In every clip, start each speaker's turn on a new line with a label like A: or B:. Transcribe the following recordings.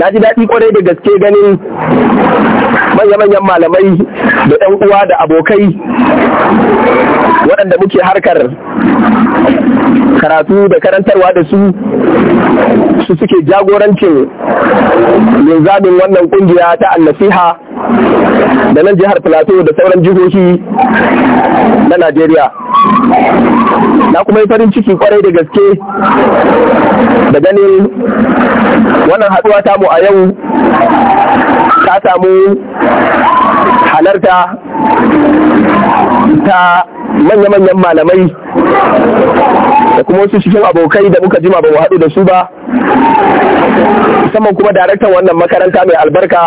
A: na ji daɗi kwarai da gaske ganin manya-manyan malamai da 'yan uwa da abokai waɗanda muke harkar karatu da karantarwa da su su suke jagorancin linzamin wannan ƙungiya ta annasiha da nan jihar plateau da sauran jihohi na najeriya na kuma yi farin ciki kwarai da gaske da ganin wannan haɗuwa tamu a yau ta samu halarta ta manya-manyan malamai da kuma wasu cikin abokai da muka jima ba mu haɗu da su ba musamman kuma daraktan wannan makaranta mai albarka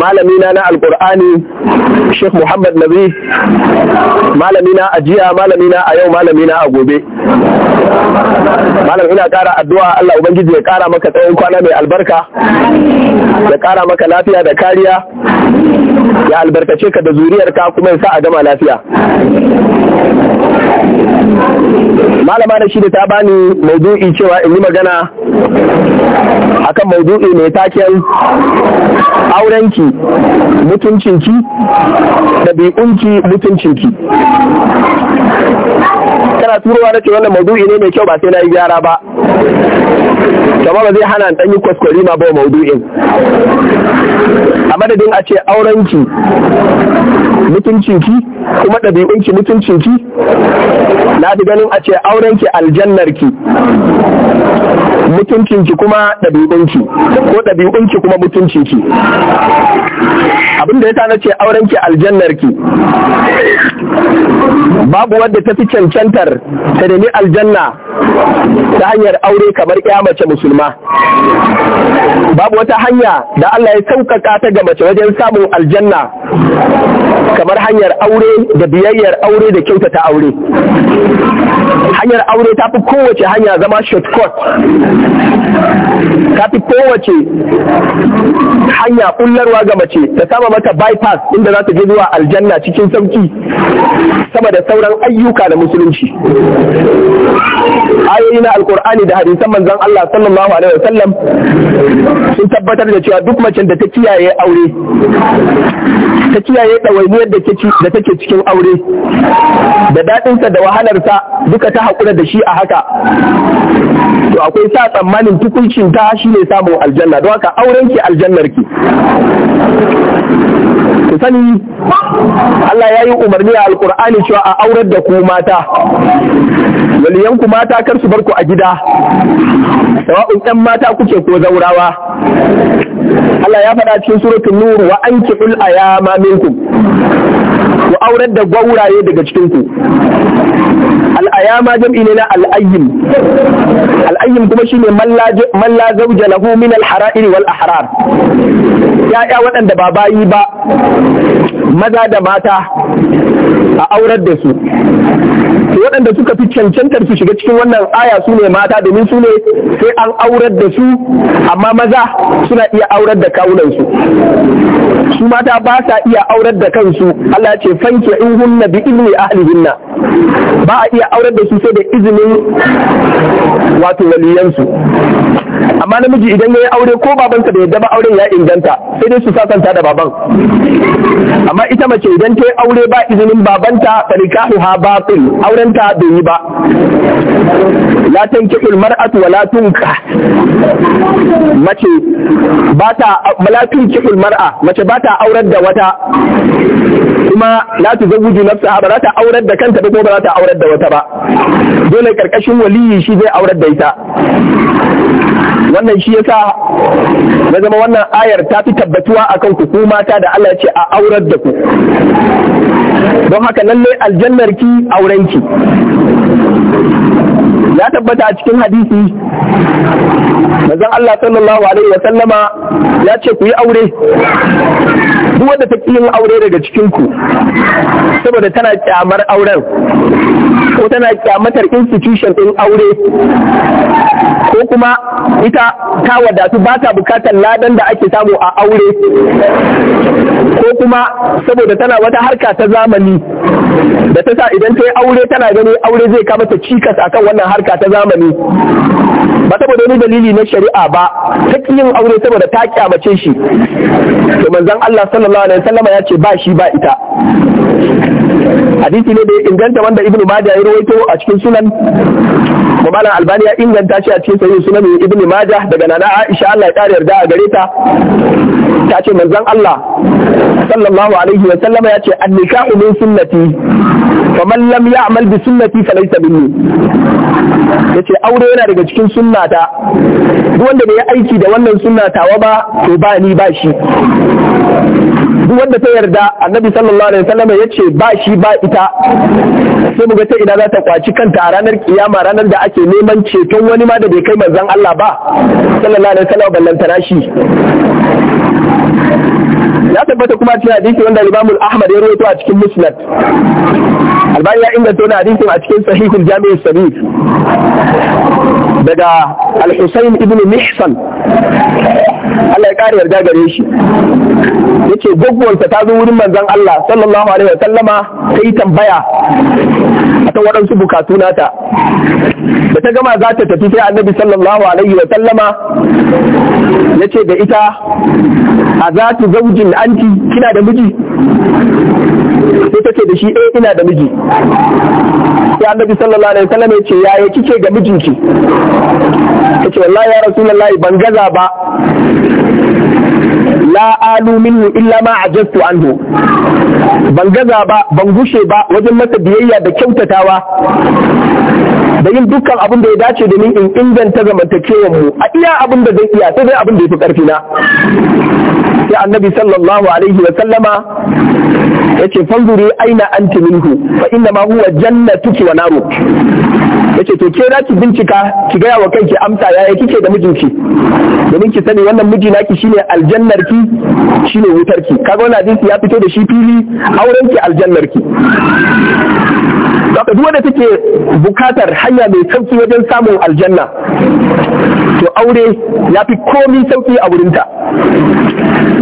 A: malami na na alkur'ani sheikh muhammad nabi malami na ajiya malami a yau malami na a gobe malam ina kara addu'a Allah ubangiji ya kara maka tsawon kwana mai albarka ya kara maka lafiya da kariya ya albarkace ka da zuriyarka kuma ya sa a gama lafiya malama da shi da ta bani maudu'i cewa in yi magana akan maudu'i mai taken aurenki mutuncinki ɗabi'unki mutuncinki kana turowa na ce wannan maudu'i ne mai kyau ba sai na yi gyara ba kamar ba zai hana ɗan yi kwaskwari ma ba wa maudu'in a madadin a ce aurenki mutuncinki kuma ɗabi'unki mutuncinki na fi ganin a ce aurenki aljannarki mutuncinki kuma ɗabi'unki ko ɗabi'unki kuma mutuncinki abin da yasa ce aurenki aljannarki babu wadda ta fi cancantar ta nemi aljanna ta hanyar aure kamar ya mace musulma babu wata hanya da Allah ya sauƙaƙa ta ga mace wajen samun aljanna kamar hanyar aure da biyayyar aure da kyauta ta aure hanyar aure ta fi kowace hanya zama shortcut ka fi kowace hanya kullarwa ga mace ta sama mata bypass inda za ta je zuwa aljanna cikin sauki sama da sauran ayyuka da musulunci ayoyi na alkur'ani da hadisan manzon Allah sallallahu alaihi wasallam sun tabbatar da cewa duk macen da ta kiyaye aure ta kiyaye ɗawainiyar da take cikin aure da daɗinsa da wahalarsa duka ta haƙura da shi a haka to akwai sa tsammanin tukuncin ta shi ne samun aljanna don haka auren ki aljannar ki ku sani Allah ya yi umarni a alkur'ani cewa a aurar da ku mata waliyanku mata kar su bar ku a gida sawa'un ɗan mata kuke ko zaurawa Allah ya faɗa cikin suratul nur wa ankihul ayama minkum ku aurar da gwauraye daga cikin ku al'ayama jam'i ne na al'ayyim al'ayyim kuma shine man la zawja lahu min al-hara'ir wal ahrar ya'ya waɗanda ba bayi ba maza da mata a aurar da su waɗanda suka fi cancantar su shiga cikin wannan aya su ne mata domin su ne sai an aurar da su amma maza suna iya aurar da kawunansu su mata ba sa iya aurar da kansu Allah ce fanke in hunna bi ilmi ahlihinna ba a iya aurar da su sai da izinin wato waliyansu amma namiji idan ya yi aure ko babansa da yadda ba auren ya inganta sai dai su sasanta da baban amma ita mace idan ta yi aure ba izinin baban aurenta falikahuha batil aurenta bai yi ba la tankihul mar'atu wa la tunka mace ba ta la tankihul mar'a mace ba ta aurar da wata kuma la tu zawuju nafsa ba za ta aurar da kanta ba ko ba za ta aurar da wata ba dole karkashin waliyi shi zai aurar da ita wannan shi yasa na zama wannan ayar ta fi tabbatuwa akan ku ku mata da Allah ce a aurar da ku don haka lalle aljannar ki auren ki ya tabbata a cikin hadisi manzon Allah sallallahu alaihi wa sallama ya ce ku yi aure duk wanda ta yin aure daga cikin ku saboda tana kyamar auren ko tana kyamatar institution ɗin aure ko kuma ita ta wadatu ba ta bukatar ladan da ake samu a aure ko kuma saboda tana wata harka ta zamani da ta sa idan ta yi aure tana gani aure zai kama ta cikas akan wannan harka ta zamani ba saboda wani dalili na shari'a ba ta yin aure saboda ta kyamace shi to manzon Allah sallallahu alaihi wasallam ya ce ba shi ba ita hadisi ne da ya inganta wanda ibnu majah ya rawaito a cikin sunan malam albani ya inganta shi a cikin sahih sunan ibnu majah daga nana aisha Allah ya kare yarda a gare ta ta ce manzon Allah sallallahu alaihi wa sallama ya ce an-nikahu min sunnati kamar lam ya amal bi sunnati falaysa Ya ce aure yana daga cikin sunnata duk wanda bai aiki da wannan sunnatawa ba to ba ni ba shi duk wanda ta yarda annabi sallallahu alaihi wasallam ya ce ba shi ba ita sai mu ga ta ina za ta kwaci kanta a ranar kiyama ranar da ake neman ceton wani ma da bai kai manzon Allah ba sallallahu alaihi wasallam ballantana shi ya tabbata kuma cikin hadisi wanda Imam Ahmad ya rawaito a cikin Musnad albani ya inganta wani hadisin a cikin sahihul jami'in sabir daga al-husayn ibn mihsan Allah ya ƙara yarda gare shi yace gwaggwarsa ta zo wurin manzon Allah sallallahu alaihi wa ta yi tambaya ta waɗansu bukatu nata da ta gama za ta tafi sai annabi sallallahu alaihi wa sallama yace da ita a za ta zaujin anti kina da miji sai ta ce da shi eh ina da miji Sai annabi sallallahu alaihi wasallam ya ce yaya kike ga mijinki kace wallahi ya rasulullahi ban gaza ba la alu minhu illa ma ajabtu anhu ban gaza ba ban gushe ba wajen masa biyayya da kyautatawa da yin dukkan abin da ya dace da ni in inganta zamantakewar mu a iya abin da zai iya sai dai abin da ya fi karfi na sai annabi sallallahu alaihi wa sallama yace fanzuri aina anti minhu fa inna ma huwa jannatuki wa naru yace to ke zaki bincika ki gaya wa kanki amsa yaya kike da mijinki domin ki sani wannan miji naki shine aljannarki shine wutarki kaga wannan hadisi ya fito da shi fili aurenki aljannar ki duk wanda take bukatar hanya mai sauki wajen samun aljanna, to aure ya fi komi sauki a wurinta.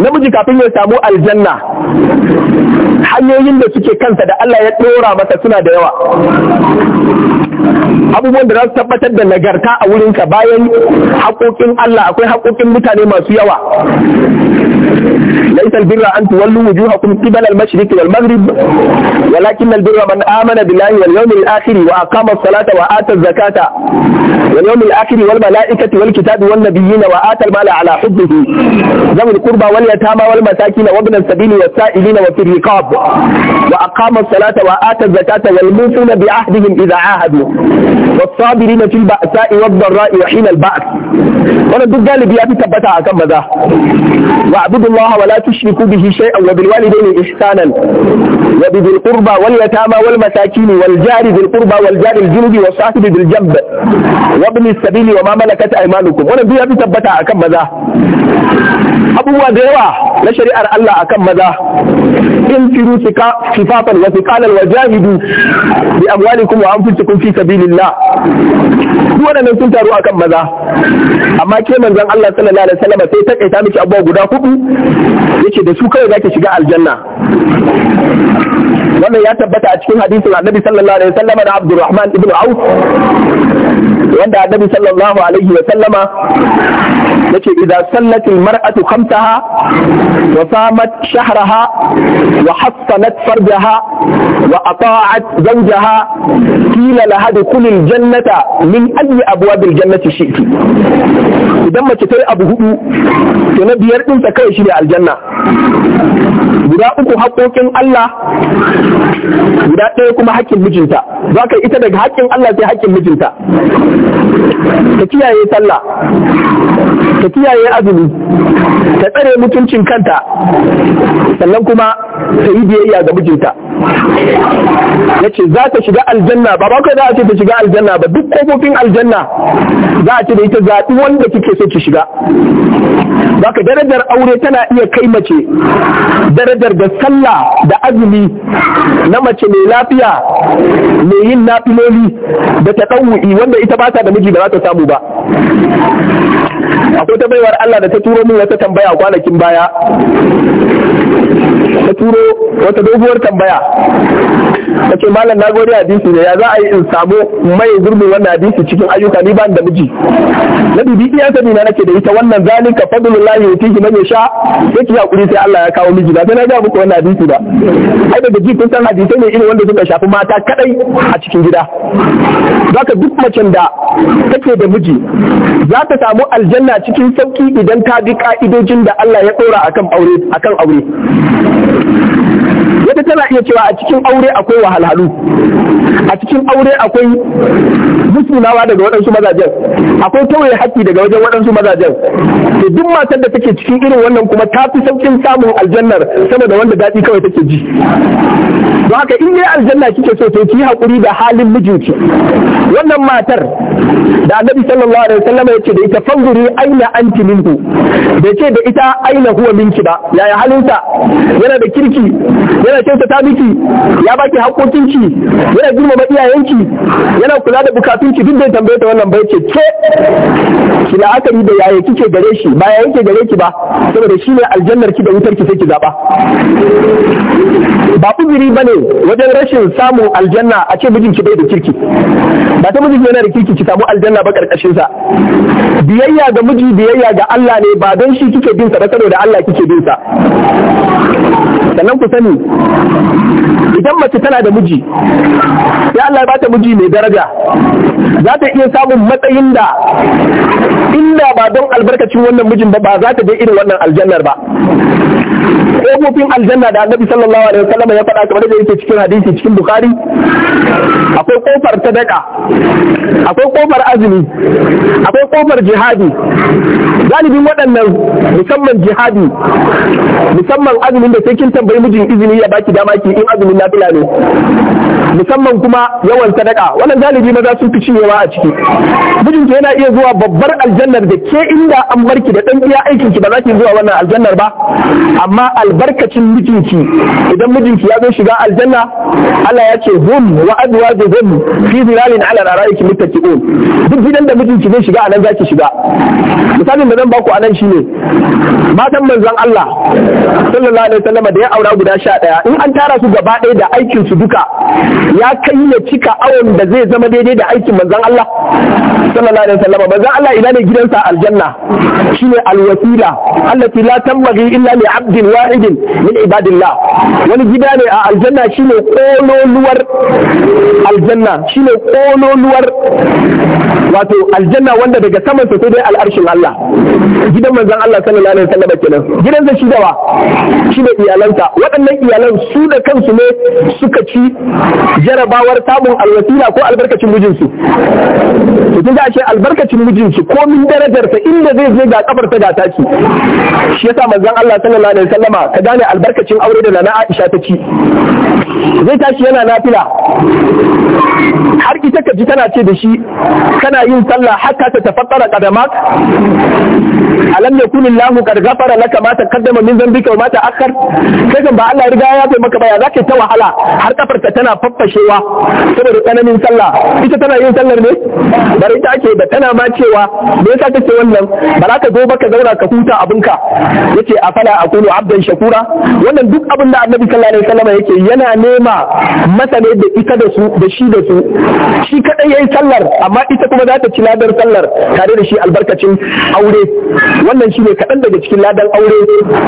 A: Namiji kafin ya samu aljanna, hanyoyin da suke kansa da Allah ya ɗora ƙara mata suna da yawa abubuwan da za su tabbatar da nagarta a wurinka bayan haƙoƙin Allah akwai haƙoƙin mutane masu yawa laisal birra an tuwallu wujuhakum qibal al mashriq wal maghrib walakin al birra man amana billahi wal yawmil akhir wa aqama as salata wa zakata wal yawmil akhir wal malaikati wal kitabi wan nabiyyin wa ata al mala ala hubbihi zam al qurba wal yatama wal masakin wa ibn al sabil wa wa fir wa aqama as salata wa آتى الزكاة والموفون بعهدهم إذا عاهدوا والصابرين في البأساء والضراء وحين البأس وانا الدجال قالب يا تبتع كم ذا واعبد الله ولا تشركوا به شيئا وبالوالدين إحسانا وبذي القربى واليتامى والمساكين والجار ذي القربى والجار الجنود والصاحب بالجنب وابن السبيل وما ملكت أيمانكم وانا دول يا تبتع كم ذا abubuwa da yawa na shari'ar Allah akan انفروا خفافا وثقالا وجاهدوا باموالكم وانفسكم في سبيل الله wannan sun taru akan maza amma ke manzon Allah sallallahu alaihi wasallam sai ta miki abubuwa guda hudu yace da su kai zaki shiga aljanna wannan ya tabbata a cikin hadisin Annabi sallallahu alaihi wasallam da Abdurrahman ibn Auf wanda Annabi sallallahu alaihi wasallama yace idza sallatil mar'atu khamsaha wa samat shahraha وحصنت فرجها وأطاعت زوجها قيل لها دخل الجنة من أي أبواب الجنة شئت idan mace ta yi abu hudu to na biyar din ta kai shi ne aljanna guda uku haƙoƙin Allah guda ɗaya kuma haƙƙin mijinta za ka ita daga haƙƙin Allah sai haƙƙin mijinta ta kiyaye sallah ta kiyaye azumi ta tsare mutuncin kanta sannan kuma ta yi biyayya ga mijinta ya ce za ta shiga aljanna ba za a ce ta shiga aljanna ba duk kofofin aljanna za a ce da ita zaɓi wanda kike so ki shiga ba darajar aure tana iya kai mace darajar da sallah da azumi na mace mai lafiya mai yin nafiloli da ta ɗanwu'i wanda ita ba ta da miji ba za ta samu ba akwai ta baiwar Allah da ta turo min wata tambaya kwanakin baya ta turo wata doguwar tambaya kace malam nagode hadisi ne ya za a yi in samu mai gurbin wannan hadisi cikin ayyuka ni ban da miji na bibi iya sabi na nake da ita wannan zalika fadlullahi yutihi man yasha sai ki hakuri sai Allah ya kawo miji ba sai na ga muku wannan hadisi ba ai daga ji kun san hadisai ne irin wanda suka shafi mata kadai a cikin gida zaka duk macen da take da miji za ta samu aljanna cikin sauki idan ta bi ka'idojin da Allah ya ɗora akan aure akan aure wata tana iya cewa a cikin aure akwai wahalhalu a cikin aure akwai musulawa daga waɗansu mazajen akwai tawaye haƙƙi daga wajen waɗansu mazajen to duk matar da take cikin irin wannan kuma ta fi saukin samun aljannar sama da wanda daɗi kawai take ji don haka in dai aljanna kike so to ki haƙuri da halin mijinki wannan matar da annabi sallallahu alaihi wasallam ya ce da ita fanguri aina anti minku da ce da ita aina huwa minki ba yaya halinsa yana da kirki yana kyautata miki ya baki haƙoƙinki yana girmama iyayenki yana kula da bukatunki duk da tambaye ta wannan bai ce ce ki la'akari da yaya kike gare shi ba ya ke gare ki ba saboda shi ne aljannar ki da wutar ki sai ki zaba ba uzuri bane wajen rashin samun aljanna a ce mijinki bai da kirki ba ta mijinki yana da kirki ki samu aljanna ba karkashin sa biyayya ga miji biyayya ga Allah ne ba don shi kike bin sa ba saboda Allah kike bin sa sannan ku sani idan mace tana da miji ya Allah ba ta miji mai daraja za ta iya samun matsayin da inda ba don albarkacin wannan mijin ba ba za ta je irin wannan aljannar ba kofofin aljanna da annabi sallallahu alaihi wasallam ya faɗa kamar da yake cikin hadisi cikin bukhari akwai kofar sadaka akwai kofar azumi akwai kofar jihadi galibin waɗannan musamman jihadi musamman azumin da sai kin tambayi mijin izini ya baki dama ki in azumin nafila ne musamman kuma yawan sadaka wannan galibi maza sun fi cinyewa a ciki mijinki yana iya zuwa babbar aljannar da ke inda an barki da dan iya aikin ki ba za ki zuwa wannan aljannar ba amma albarkacin mijinki idan mijinki ya zo shiga aljanna Allah ya ce hum wa hum fi zilalin ala ara'iki muttaqin duk gidan da mijinki zai shiga anan zaki shiga misalin da zan baku anan shine matan manzon Allah sallallahu alaihi wasallam da ya aura guda 11 in an tara su gaba ɗaya da aikin su duka ya yi ya cika awon da zai zama daidai da aikin manzan Allah sallallahu alaihi wasallam manzan Allah ina ne gidansa aljanna shine alwasila allati la tambaghi illa li abdin wahidin min ibadillah wani gida ne a aljanna shine kololuwar aljanna shine kololuwar wato aljanna wanda daga saman sa sai dai al'arshin Allah gidan manzan Allah sallallahu alaihi wasallam kenan gidansa shi dawa shine iyalansa waɗannan iyalan su da kansu ne suka ci jaraba gudunmawar samun alwasila ko albarkacin mijinsu to kin ga ce albarkacin mijinki ko min darajarsa inda zai je ga kafar ta ga ki, shi yasa manzon Allah sallallahu alaihi wasallama ka gane albarkacin aure da nana Aisha ta ci zai tashi yana nafila har ita ka ji tana ce da shi kana yin sallah hatta ta tafattara qadamak alam yakun lahu qad ghafara laka ma taqaddama min dhanbika wa ma ta'akhkhar kai ba Allah ya riga ya taimaka maka baya zaka ta wahala har kafar tana faffashewa saboda tsananin sallah ita tana yin sallar ne bari ita ake da tana ma cewa me yasa take wannan ba za ka zo ba ka zauna ka huta abinka yace a akunu abdan shakura wannan duk abin da annabi sallallahu alaihi wasallam yake yana nema masa ne da ita da su da shi da su shi kadai yayi sallar amma ita kuma za ta ci ladar sallar tare da shi albarkacin aure wannan shi ne kaɗan daga cikin ladan aure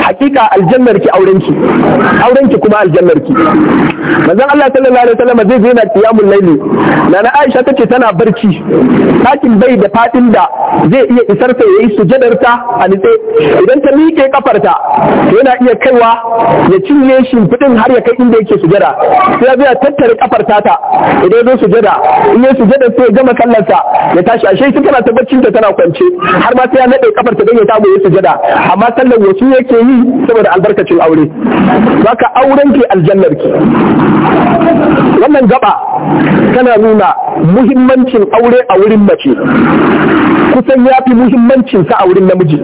A: hakika aljannar ki aurenki aurenki kuma aljannar ki manzon Allah sallallahu alaihi wasallam zai mu'minuna qiyamul layli nana Aisha tace tana barci ɗakin bai da fadin da zai iya isar ta yayi sujadar ta a nitse idan ta miƙe kafar ta yana iya kaiwa ya cinye shimfiɗin har ya kai inda yake sujada sai ya tattare kafar ta ta idan ya zo sujada in ya sujada sai ya gama kallon ya tashi ashe ita tana ta barcin ta tana kwance har ma sai ya nade kafar ta ya samu ya sujada amma sallar wasu yake yi saboda albarkacin aure zaka auren ki aljannar ki wannan gaba tana nuna muhimmancin aure a wurin mace kusan ya fi muhimmancin sa a wurin namiji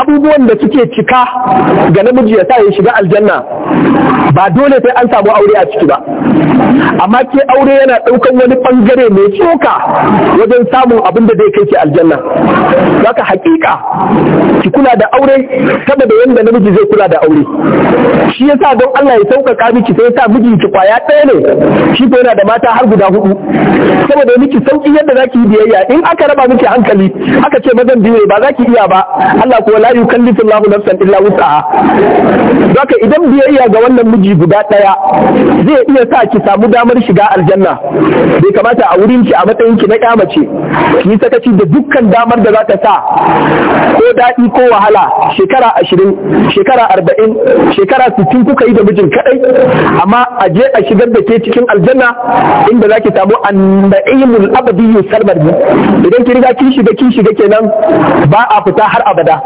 A: abubuwan da suke cika ga namiji ya sa ya shiga aljanna ba dole sai an samu aure a ciki ba amma ke aure yana ɗaukan wani ɓangare mai tsoka wajen samun abin da zai kai ki aljanna zaka hakika ki kula da aure saboda da yanda namiji zai kula da aure shi yasa don Allah ya sauƙaƙa miki sai sa miji ki kwaya ɗaya ne shi ko yana da mata har guda hudu saboda miki sauki yadda zaki yi biyayya in aka raba miki hankali aka ce mazan biye ba zaki iya ba Allah kuwa la yukallifu Allah nafsan illa wus'aha haka idan biyayya ga wannan miji guda daya zai iya sa ki samu damar shiga aljanna bai kamata a wurin ki a matsayin ki na kyamace ki sakaci da dukkan damar da za ta sa ko daɗi ko wahala shekara ashirin shekara arba'in shekara sittin kuka yi da mijin kaɗai amma a je a shigar da da ke cikin aljanna inda za ki samu annaimul abadi salmar idan ki riga kin shiga kin shiga kenan ba a fita har abada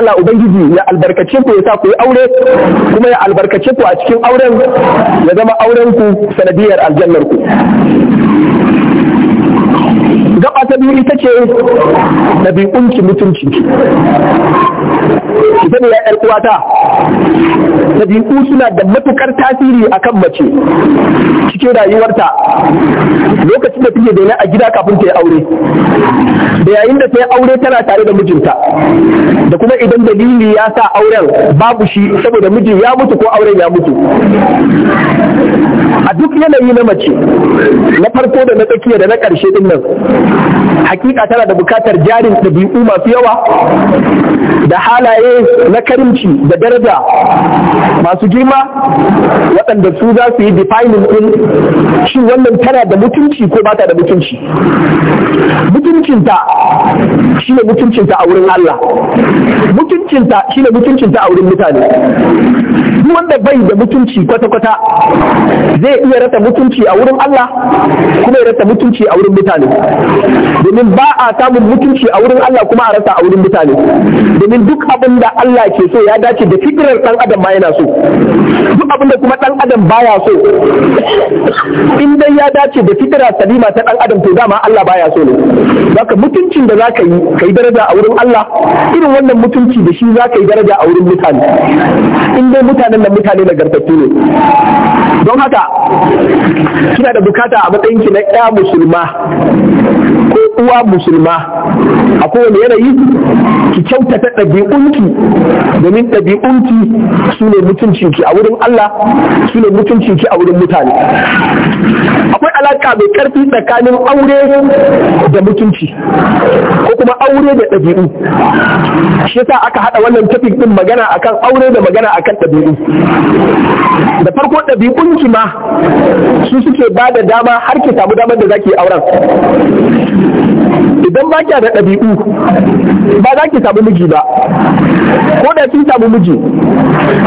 A: Allah ubangiji ya albarkace ku ya sa ku yi aure kuma ya albarkace ku a cikin auren ya zama auren ku sanadiyar aljannar ku gaba ta biyu ita ce ɗabi'un mutunci ita ne ya uwata ɗabi'u suna da matukar tasiri a kan mace cikin rayuwarta lokacin da take daina a gida kafin ta yi aure da yayin da ta yi aure tana tare da mijinta da kuma idan dalili ya sa auren babu shi saboda miji ya mutu ko auren ya mutu a duk yanayi na mace na farko da na tsakiya da na ƙarshe din nan hakika tana da bukatar jarin ɗabi'u masu yawa da halaye na karimci da daraja masu girma waɗanda su za su yi defining ɗin shi wannan tana da mutunci ko ba ta da mutunci mutuncinta shi ne mutuncinta a wurin Allah mutuncinta shi ne mutuncinta a wurin mutane duk wanda bai da mutunci kwata-kwata zai iya rasa mutunci a wurin Allah kuma ya rasa mutunci a wurin mutane domin ba a samun mutunci a wurin Allah kuma a rasa a wurin mutane domin duk abin da Allah ke so ya dace da fitirar ɗan adam ma yana so duk abin da kuma ɗan adam baya so in dai ya dace da fitira salima ta ɗan adam to dama Allah baya so ne baka mutuncin da zaka yi kai daraja a wurin Allah irin wannan mutunci da shi zaka yi daraja a wurin mutane in dai mutanen nan mutane nagartattu ne don haka kina da bukata a matsayin ki na ƴa musulma ko uwa musulma a kowane yanayi ki kyautata ɗabi'unki domin ɗabi'unki su ne mutuncinki a wurin Allah su ne mutuncinki a wurin mutane akwai alaƙa mai ƙarfi tsakanin aure da mutunci ko kuma aure da ɗabi'u shi yasa aka haɗa wannan tafik ɗin magana akan aure da magana akan ɗabi'u da farko ɗabi'unki ma su suke ba da dama har ki samu damar da zaki auren idan ba kya da ɗabi'u ba za ki samu miji ba ko da kin samu miji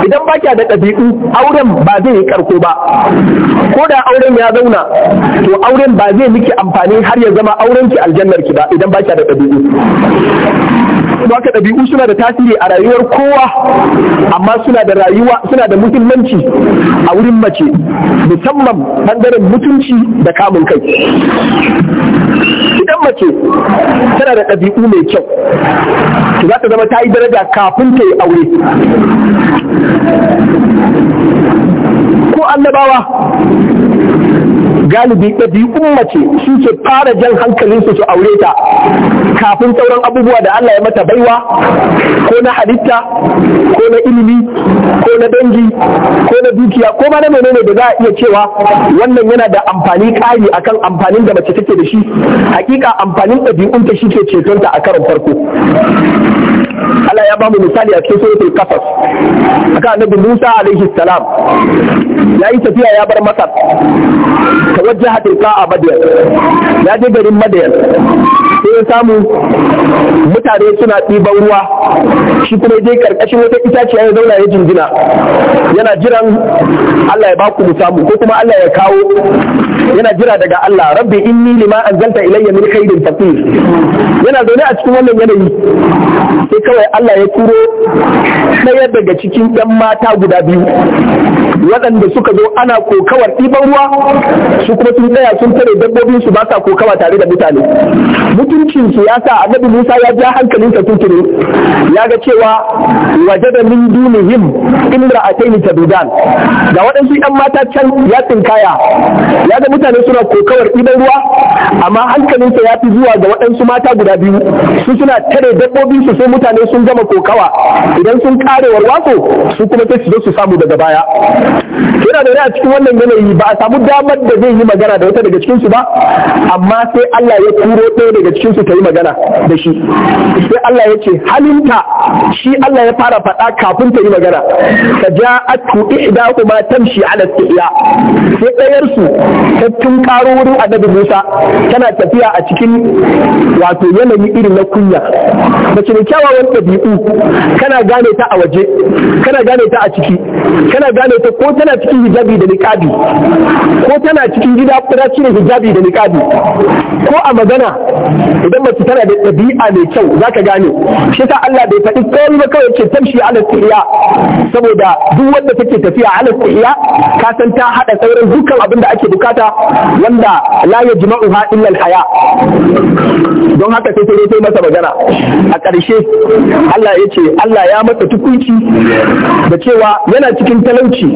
A: idan ba kya da ɗabi'u auren ba zai yi karko ba ko da auren ya zauna to auren ba zai miki amfani har ya zama auren ki aljannar ki ba idan ba kya da ɗabi'u ba ka ɗabi'u suna da tasiri a rayuwar kowa amma suna da rayuwa suna da muhimmanci a wurin mace musamman ɓangaren mutunci da kamun kai idan mace tana da ɗabi'u mai kyau to za ta zama ta yi daraja kafin ta yi aure ko annabawa galibi ɗabi'u mace su ke fara jan hankalin su aure ta kafin sauran abubuwa da Allah ya mata baiwa ko na halitta ko na ilimi ko na dangi ko na dukiya ko ma na menene da za a iya cewa wannan yana da amfani ƙari akan amfanin da mace take da shi hakika amfanin ɗabi'unta shi ke ceton ta a karon farko Allah ya bamu misali a cikin suratul qasas aka annabi Musa alaihi salam ya yi tafiya ya bar Masar ta wajen a Madiyan ya je garin Madiyan sai ya samu mutane suna ɗiban ruwa shi kuma je karkashin wata itaciya ya zauna ya jingina yana jiran Allah ya ba ku mu ko kuma Allah ya kawo yana jira daga Allah rabbi inni lima anzalta ilayya min khairin faqir yana zaune a cikin wannan yanayi sai kawai Allah ya turo ɗaya daga cikin ɗan mata guda biyu waɗanda suka zo ana kokawar ɗiban ruwa su kuma sun tsaya sun tare dabbobin su ba sa kokawa tare da mutane mutuncin su ya sa annabi Musa ya ja hankalin sa tuntuni ya ga cewa wajada min dunihim imra'atayn tadudan ga waɗansu ɗan mata can ya tsinkaya ya ga mutane suna kokawar ɗiban ruwa amma hankalinsa ya fi zuwa ga waɗansu mata guda biyu su suna tare dabbobin su sai mutane sun gama kokawa idan sun kare warwaso su kuma sai su zo su samu daga baya yana da a cikin wannan yanayi ba a samu damar da zai yi magana da wata daga cikin su ba amma sai Allah ya turo ɗaya daga cikin su ta yi magana da shi sai Allah ya ce halinta shi Allah ya fara faɗa kafin ta yi magana ka ja'atu ihdahuma tamshi ala istiya sai ɗayar su ta tunkaro wurin annabi Musa tana ta tafiya a cikin wato yanayi irin na kunya mace mai kyawawan ɗabi'u kana gane ta a waje kana gane ta a ciki kana gane ta ko tana cikin hijabi da niƙabi? ko tana cikin gida kuna cikin hijabi da niƙabi? ko a magana idan mace tana da ɗabi'a mai kyau zaka gane shi ta Allah bai faɗi komai ba kawai ce tamshi ala tsiya saboda duk wanda take tafiya ala tsiya ka san ta hada sauran dukkan abin da ake bukata wanda la yajma'uha illa al-haya don haka sai ta sai masa magana a ƙarshe Allah ya ce Allah ya masa tukunci da cewa yana cikin talauci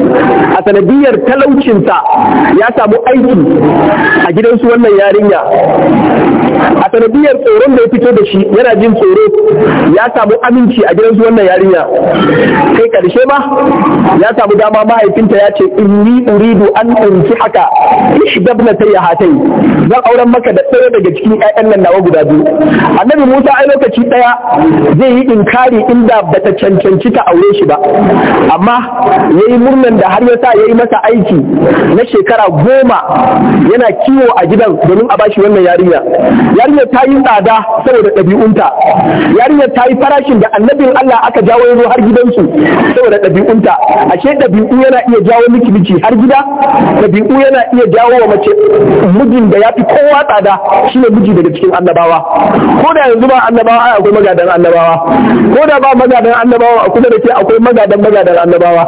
A: a sanadiyar talaucinsa ya samu aiki a gidansu wannan yarinya a sanadiyar tsoron da ya fito da shi yana jin tsoro ya samu aminci a gidansu wannan yarinya kai ƙarshe ma ya samu dama mahaifinta ya ce in ni uridu an unki haka ishi gabna zan auren maka da ɗaya daga cikin ƴaƴan nan nawa guda biyu annabi Musa ai lokaci ɗaya zai yi inkari inda bata cancanci ta aure shi ba amma yayi murnan da har yasa yi masa aiki na shekara goma yana kiwo a gidan domin a bashi wannan yarinya yarinya ta yi tsada saboda ɗabi'unta yarinya ta yi farashin da annabin Allah aka jawo yaro har gidansu saboda ɗabi'unta ashe ɗabi'u yana iya jawo miki miki har gida ɗabi'u yana iya jawo wa mace mijin da ya fi kowa tsada shi ne miji daga cikin annabawa ko da yanzu ba annabawa ai akwai magadan annabawa ko da ba magadan annabawa a da ke akwai magadan magadan annabawa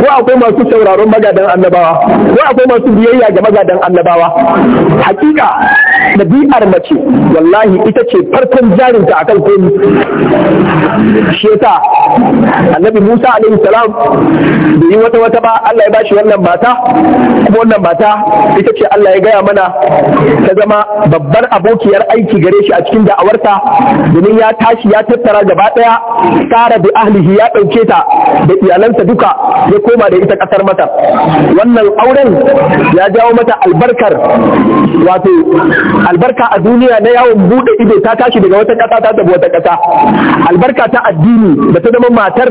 A: ko akwai masu sauraron magadan annabawa ko akwai masu biyayya ga magadan annabawa hakika ɗabi'ar mace wallahi ita ce farkon jarinta akan komi shi yasa annabi Musa alaihi salam bai yi wata wata ba Allah ya bashi wannan mata kuma wannan mata ita ce Allah ya gaya mana ta zama babbar abokiyar aiki gare shi a cikin da'awarsa domin ya tashi ya tattara gaba daya tsara bi ahlihi ya dauke ta da iyalansa duka ya koma da ita kasar masar wannan auren ya jawo mata albarkar wato albarka a duniya na yawon bude ido ta tashi daga wata kasa ta tafi wata kasa albarka ta addini da ta zama matar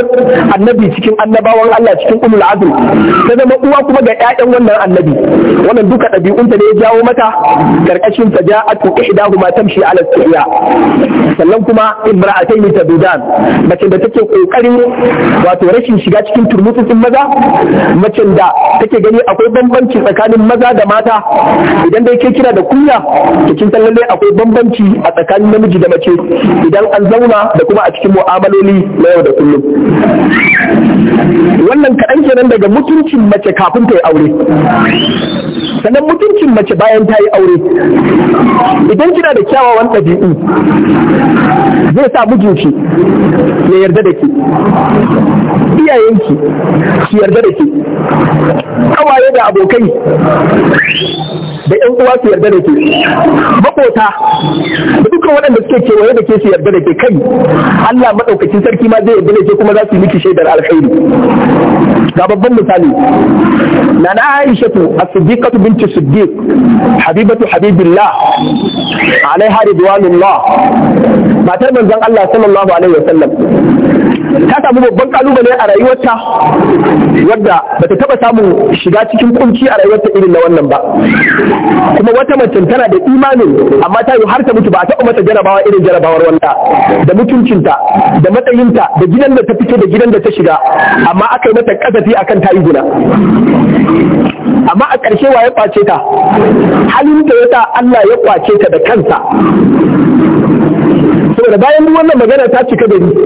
A: annabi cikin annabawan Allah cikin umul azum ta zama uwa kuma ga ƴaƴan wannan annabi wannan duka ɗabi'unta ne ya jawo mata karkashin ta وجاءته إحداهما تمشي على السحياء sannan kuma ta tadudan mace da take kokarin wato rashin shiga cikin turmutsutsin maza mace da take gani akwai bambanci tsakanin maza da mata idan dai ke kira da kunya to kin akwai bambanci a tsakanin namiji da mace idan an zauna da kuma a cikin mu'amaloli na yau da kullum wannan kaɗan kenan daga mutuncin mace kafin ta yi aure sannan mutuncin mace bayan ta yi aure idan kina da kyawawan ɗabi'u zai sa mijinki ya yarda da ke iyayenki su yarda da ke kawaye da abokai da ƴan uwa su yarda da ke makota da dukkan waɗanda suke kewaye da ke su yarda da ke kai Allah maɗaukacin sarki ma zai yarda da ke kuma za su yi miki shaidar alkhairi ga babban misali na nana Aisha as-Siddiqatu binti Siddiq habibatu habibillah alaiha ridwanullah matar manzon Allah sallallahu alaihi wasallam ta samu babban kalubale a rayuwarta wadda bata taba samun shiga cikin kunci a rayuwarta irin na wannan ba kuma wata macen tana da imanin amma ta yi har ta mutu ba a taɓa mata jarabawa irin jarabawar wanda da mutuncinta da matsayinta da gidan da ta fito da gidan da ta shiga amma aka yi mata kasafi akan ta yi guna amma a ƙarshe wa ya kwace ta halin da ya sa Allah ya kwace ta da kansa saboda bayan duk wannan magana ta cika da gari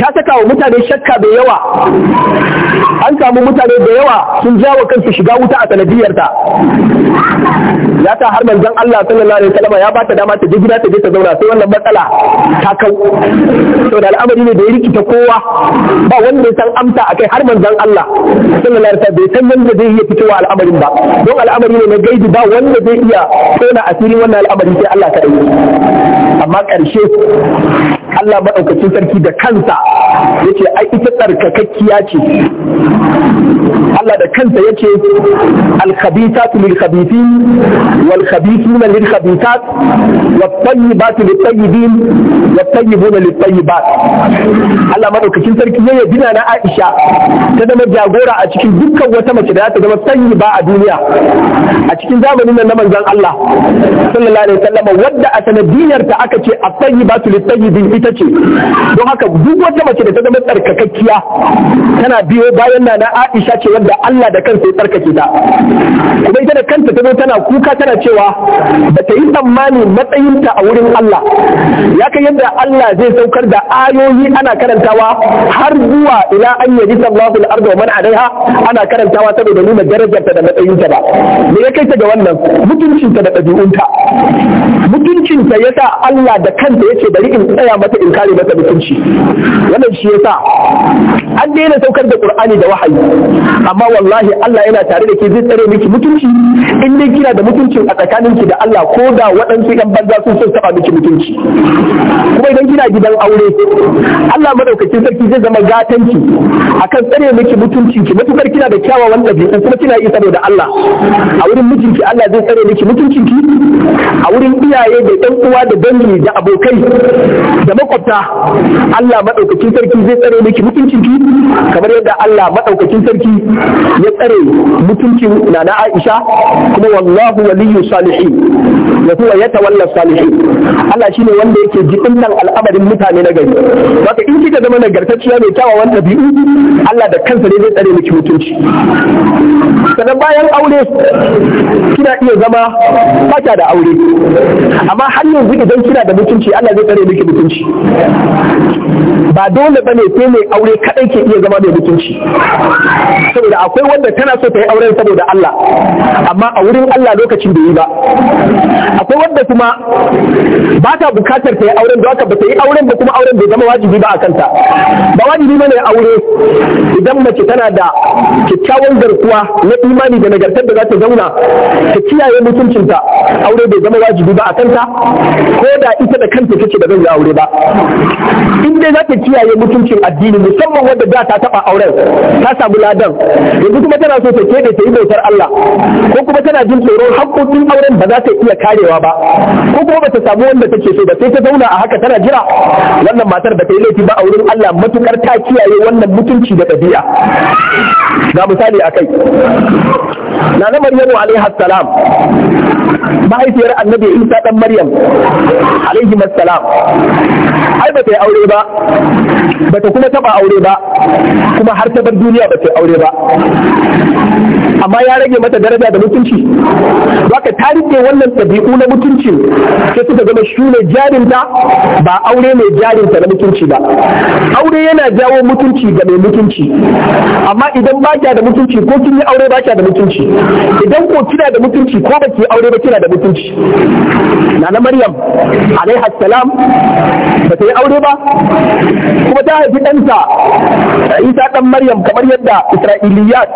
A: ta saka wa mutane shakka da yawa an samu mutane da yawa sun jawo kansu shiga wuta a ta ya ta har manzon Allah sallallahu alaihi wasallam ya bata dama ta je gida ta je ta zauna sai wannan matsala ta kau saboda al'amari ne da ya rikita kowa ba wanda ya san amsa akai har manzon Allah sallallahu alaihi wasallam bai san wanda zai iya fitowa al'amarin ba don al'amari ne na gaidi ba wanda zai iya tona asirin wannan al'amari sai Allah kaɗai. amma ƙarshe Allah maɗaukacin sarki da kansa ya ce ai ita tsarkakakkiya ce Allah da kansa ya ce alkhabitatu lil khabitin wal khabithuna lil khabitat wat tayyibatu lit tayyibin wat tayyibuna lit tayyibat Allah maɗaukacin sarki ya yabi na Aisha ta zama jagora a cikin dukkan wata mace da za ta zama tayyiba a duniya a cikin zamanin nan na manzon Allah sallallahu alaihi wasallam wadda a sanadi niyyar ta aka ce asayi ba su bin ita ce don haka duk wata mace da ta zama tsarkakakkiya tana biyo bayan na Aisha ce wadda Allah da kansa ya tsarkake ta kuma ita da kanta ta zo tana kuka tana cewa ba ta yi tsammani matsayinta a wurin Allah ya kai yadda Allah zai saukar da ayoyi ana karantawa har zuwa ila an yi sallahu al-ardu wa man alaiha ana karantawa saboda nuna darajarta da matsayinta ba me ya kai ta ga wannan mutuncinta da ɗabi'unta mutuncinta ya yasa Allah da kanta yace bari in tsaya mata in kare mata mutunci wannan shi yasa an daina saukar da Qur'ani da wahayi amma wallahi Allah yana tare da ke zai tsare miki mutunci in dai kina da mutuncin a tsakaninki da Allah ko da waɗansu ɗan banza sun sun taba miki mutunci kuma idan kina gidan aure Allah madaukakin sarki zai zama gatanki akan tsare miki mutunci ki matukar kina da kyawawan ɗabi'u kuma kina yi saboda Allah a wurin mijinki Allah zai tsare miki mutuncinki a wurin iyaye da ɗan uwa da dangi da abokai da makwabta Allah maɗaukakin sarki zai tsare miki mutuncin ki kamar yadda Allah maɗaukakin sarki ya tsare mutuncin nana Aisha kuma wallahu waliyyu salihin ya huwa yatawalla salihin Allah ne wanda yake jibintan al'amarin mutane na gari haka in kika zama nagartacciya mai kyawawan biyu? Allah da kansa ne zai tsare miki mutunci sannan bayan aure kina iya zama fata da aure amma har yanzu yanzu idan kina da mutunci Allah zai tsare miki mutunci ba dole bane sai mai aure kadai ke iya zama mai mutunci saboda akwai wanda tana so ta yi auren saboda Allah amma a wurin Allah lokacin da yi ba akwai wanda kuma ba ta bukatar ta yi auren da haka ba ta yi auren ba kuma auren bai zama wajibi ba a kanta ba wajibi bane aure idan mace tana da kyakkyawan garkuwa na imani da nagartar da za ta zauna ta kiyaye mutuncinta aure bai zama wajibi ba a kanta ko da ita da kanta take da zai yi aure ba in dai za ta kiyaye mutuncin addini musamman wanda da ta taba auren ta samu ladan yanzu kuma tana so ta kede ta yi bautar Allah ko kuma tana jin tsoro hakkokin auren ba za ta iya karewa ba ko kuma ba ta samu wanda take so ba sai ta zauna a haka tana jira wannan matar da ta yi laifi ba a wurin Allah matukar ta kiyaye wannan mutunci da ɗabi'a ga misali a kai na na Maryamu alaihi salam mahaifiyar annabi Isa dan Maryam alaihi salam ai ba ta yi aure ba ba kuma taba aure ba kuma har ta bar duniya ba ta yi aure ba amma ya rage mata daraja da mutunci baka ta rike wannan ɗabi'u na mutunci sai suka zama shi ne jarinta ba aure mai jarinta na mutunci ba aure yana jawo mutunci ga mai mutunci amma idan ba da mutunci ko kin yi aure ba da mutunci idan ko kina da mutunci ko ba ki aure ba kina da mutunci na na maryam maryam alaiha salam ba ta yi aure ba kuma ta haifi ɗansa isa ɗan maryam kamar yadda isra'iliyat